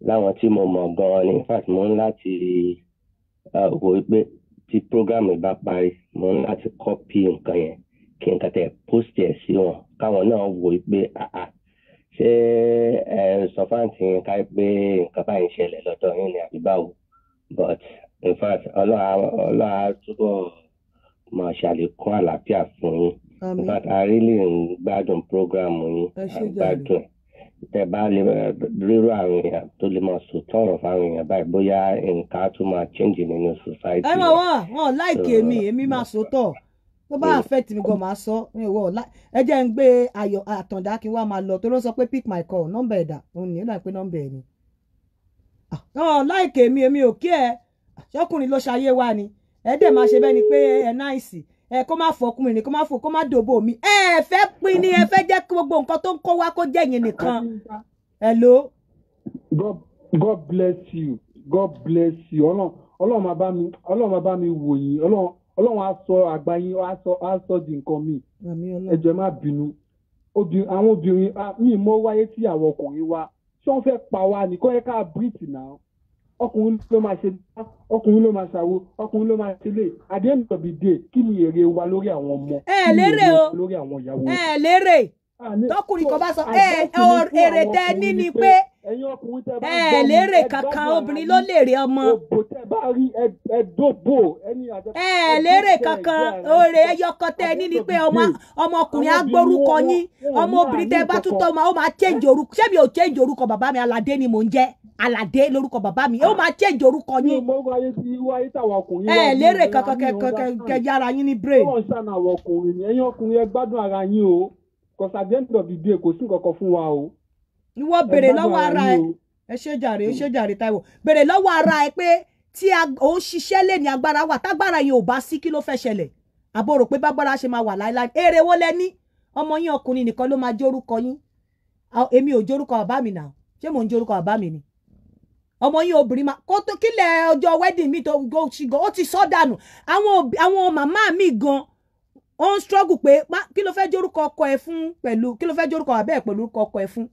láwọn tí mo mọ̀ gan-an ni in fact mo ń láti wò pé tí program bá parí mo ń láti copy nǹkan yẹn kí n kàtẹ́ post ẹ̀ sí wọn káwọn náà wò pé àà ṣé sọfáǹtì yẹn ká pé nǹkan báyìí ṣẹlẹ̀ lọ́dọ̀ yín ni àbí báwo but in fact ọlọ́run á túbọ̀ máa ṣàlékún àlàáfíà fún yín in fact really ń gbádùn program yín à ń gbádùn ẹ̀. tẹ bá lè rírú tó lè máa sùn bai boya bóyá tún change nínú society. ẹ wọn èmi èmi máa sòótọ́ tó bá affect mi gan ma sọ mi wọ ẹ jẹ́ ń gbé ayọ̀ n wá máa lọ tó ló sọ pé pick my call nọ́mbà ẹ̀dà òun pé ẹ̀ ni. wọn èmi èmi e ò ẹ kó má fọ kó má fọ kó má dòbò mi ẹ ẹ fẹ́ pin ni ẹ fẹ́ jẹ́ gbogbo nǹkan tó ń kó wá kó jẹ́ yín nìkan. hello. God God bless you God bless you ọlọ́run ọlọ́run máa bá mi ọlọ́run máa bá mi wò yín ọlọ́run ọlọ́run á sọ àgbà yín á sọ á sọ di nǹkan mi ẹ jọ̀ọ́ má bínú àwọn obìnrin mi mọ wáyé tí ọkùnrin wa ṣé wọ́n fẹ́ pa wá nìkan ẹ ká breathe now ọkùnrin ló máa ṣe dá ọkùnrin ló máa ṣàwo ọkùnrin ló máa ṣe lè at the end of the day kí ni èrè wa lórí àwọn ọmọ ẹ lérè o lórí àwọn ìyàwó ẹ lérè tọkùnrin kan bá sọ ẹ èrè tẹ ní ni pé ẹ lérè kankan obìnrin ló lèrè ọmọ ẹ lérè kankan òrè ẹyọkan tẹ ní ni pé ọmọkùnrin á yín ọmọ obìnrin tẹ bá tún tọ́ ma ó máa change orúkọ ṣé mi ò change orúkọ bàbá mi aládé ni mò ń jẹ́ àlàdé lórúkọ bàbá mi ó máa change orúkọ yín. mo ń wáyé tí wáyé táwọn ọkùnrin wá ní ọjà sáà. ẹ lérè kankan kẹjá yín ní brain. ó wọ́n sàn àwọn ọkùnrin ẹ̀yin ọkùnrin ẹ gbádùn ara yín o kọ̀sàdéǹdọ̀ dìde kò sí nǹkan kan fún wa o. ìwọ béèrè lọ́wọ́ ara ẹ ẹ ṣe jàre ẹ ṣe jàre Táíwò béèrè lọ́wọ́ ara ẹ pé tí ò ń ṣiṣẹ́ lé ní agbára wà tágbára yẹn ò bá sí kí ló fẹ́ ṣẹlẹ̀ àbò rò pé bágbára ṣe máa wà láéláé èrè wo lẹ ní ọmọ yín ọkùnrin nìkan ló máa jórúkọ yín èmi ò jórúkọ bàbá mi náà ṣé mò ń jórúkọ bàbá mi ni ọmọ yín obìnrin ma kó tó kílẹ̀ ọjọ́ wedding mi tó go ṣìgọ́ ó ti sọ dànù àwọn àwọn màmá mi gan ó ń struggle pé kí ló fẹ́ jórúkọ ọkọ ẹ fún pẹ̀lú kí ló fẹ́ jórúkọ àbẹ́ ẹ̀ pẹ̀lú orúkọ ọkọ ẹ fún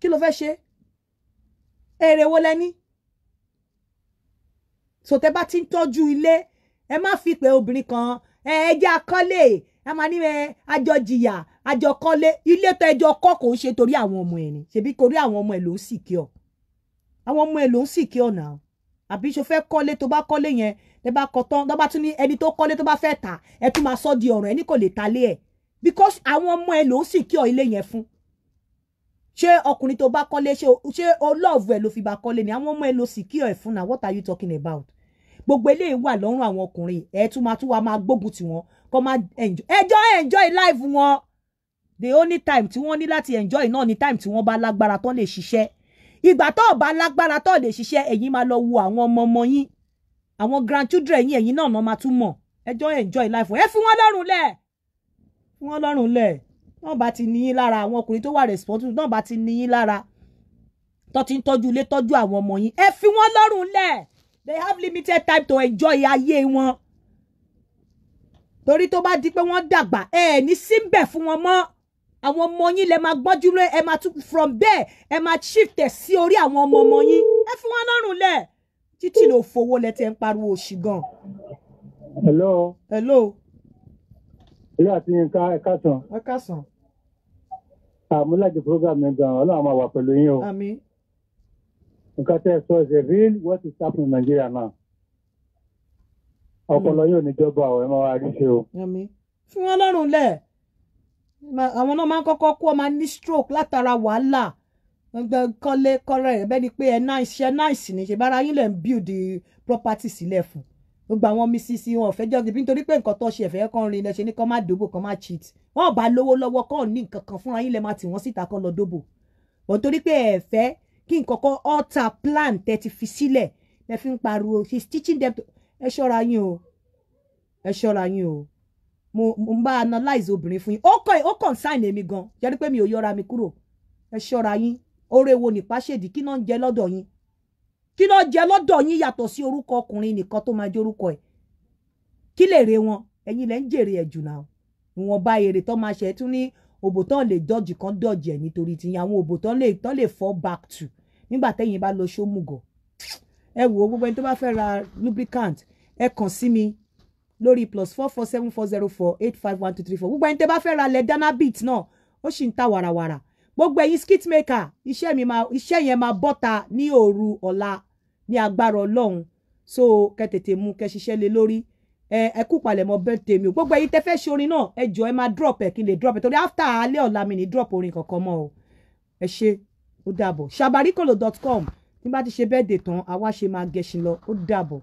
kí ló fẹ́ ṣe èrè wo lẹ́ni sòtẹ́ bá ti ń tọ́jú ilé ẹ má fi pé obìnrin kan ẹ ẹ jẹ́ akọ́lé a máa ní àjọ eh, jìyà àjọ kọ́lé ilé tó ẹjọ́ kọ́ kò ń ṣe torí àwọn ọmọ ẹ̀ ni ṣebí torí àwọn ọmọ ẹ̀ ló ń sì kí ọ àwọn ọmọ ẹ̀ ló ń sì kí ọ náà àbí ṣo fẹ́ kọ́lé tó bá kọ́lé yẹn ẹ bá kọ tán lọ́ba tún ní ẹni tó kọ́lé tó bá fẹ́ tà ẹ tún máa sọ di ọ̀ràn ẹni kò lè ta lé ẹ̀ because àwọn ọmọ ẹ̀ ló ń sì kí ọ ilé yẹn fún ṣé ọkùnrin tó bá kọ́lé ṣé olóòfù ẹ̀ ló fi bá kọ́lé ni àwọn ọmọ ẹ̀ ló sì kí ọ ẹ̀ fún na what are you talking about gbogbo eléyìí wà lọ́rùn àwọn ọkùnrin ẹ̀ tún máa tún wá máa gbógun tì kó máa enjoy ẹjọ́ enjoy life wọn the only time tí wọ́n ní láti enjoy náà ni time tí wọ́n bá lágbára tó lè ṣiṣẹ́ ìgbà tó bá lágbára tó lè ṣiṣẹ́ ẹ̀yin máa lọ wo àwọn ọmọ ọmọ yín àwọn grandchildren yín ẹ̀yin náà máa tún mọ̀ ẹjọ́ enjoy life wọn ẹ fi wọ́n lọ́rùn lẹ̀ fi wọ́n lọ́rùn lẹ̀ náà bá ti níyín lára àwọn ọkùnrin tó wà responsible náà bá ti níyín lára tó ti ń tọ́jú ilé tọ́jú àwọn ọmọ yín ẹ fi wọ́n lọ́rùn lẹ̀ they have limited time to enjoy ayé wọn torí tó bá di pé wọ́n dàgbà ẹ ẹ̀ ní síbẹ̀ fún wọn mọ́ àwọn ọmọ yín lẹ máa gbọ́njú lé ẹ máa tún from there ẹ máa shift ẹ̀ sí orí àwọn ọmọ ọmọ yín ẹ fún wọn lọ́rùn lẹ̀ títí ló fowó lẹ tẹ ń pariwo òṣì gan. hello. hello. ilé àti nǹkan ẹ̀ka sàn. ẹ̀ka sàn. àmúlàjì program yẹn gan ọlọ́run máa wà pẹ̀lú yín o. àmín. nǹkan tẹ́ ẹ sọ is a real what is happening in Nigeria now ọpọlọ yóò níjọba àwọn ẹ máa wá rí ṣe o. fún wọn lọ́rùn lẹ̀ àwọn náà máa ń kọ́kọ́ kú ọmọ ní stroke látara wàhálà kọ́lé kọ́rẹ́ bẹ́ẹ̀ ni pé ẹ̀ náà ṣe náìsì ní ṣe bára yín lẹ̀ ń build property sílẹ̀ fún gbogbo àwọn misisi wọn ọ̀fẹ́ jọ́sìn bí nítorí pé nǹkan tó ṣe ẹ̀fẹ́ kan rin lẹ́sẹ̀ ní kan má dòbò kan má cheat wọn bá lówó lọ́wọ́ kan ní nǹkan kan fúnra yín lẹ́ máa tì wọ́n síta kan lọ dòbò wọ́n torí pé ẹ̀fẹ́ kí nǹkan kan alter plan tẹ́ ti fi sílẹ̀ lẹ́ fi ń pariwo she's teaching them to ẹ ṣọ́ra yín o ẹ ṣọ́ra yín o mo ń bá analyze obìnrin fún yín ó kọ ó concern èmi gan jẹ́rí pé mi ò yọra mi kúrò ẹ ṣọ́ra yín oore wo nípa ṣèdí kí náà ń jẹ lọ́dọ̀ yín kí náà jẹ lọ́dọ̀ yín yàtọ̀ sí orúkọ ọkùnrin nìkan tó máa jórúkọ ẹ̀ kí lè re wọn ẹ̀yin lẹ́ ń jèrè ẹ̀ jù náà ìwọ̀nba èrè tó máa ṣe tún ní òbò tán lè dọ́jì kan dọ́jì ẹ̀ nítorí tìyàn òbò tán lè fall back to nígbà tẹ́yìn bá lọ ṣómùgọ̀ ẹ wò ó gbogbo ẹni tó bá fẹ́ ra lubricant ẹ kàn sí mi lórí plus four four seven four zero four eight five one two three four gbogbo ẹni tó bá fẹ́ ra lẹ̀ danabit náà ó sì ń ta wàràwàrà gbogbo ẹ̀yin skit maker iṣẹ́ mi máa iṣẹ́ yẹn máa bọ́ta ní òru ọ̀la ní agbára ọlọ́run so kẹ́ tètè mú kẹ́ ṣiṣẹ́ lé lórí ẹ ẹ kú palẹ̀mọ́ birthday mi o gbogbo ẹ̀yin tẹ́ fẹ́ ṣe orin náà ẹ jọ ẹ máa drop ẹ kí n lè drop ẹ torí after alẹ́ ọ̀la mi ní drop orin kankan mọ́ o ẹ ṣe ó dàbọ̀ shabarikolo dot com tí n bá ti ṣe bẹ́ẹ̀ dè tán àwa ṣe máa gẹṣin lọ ó dàbọ̀.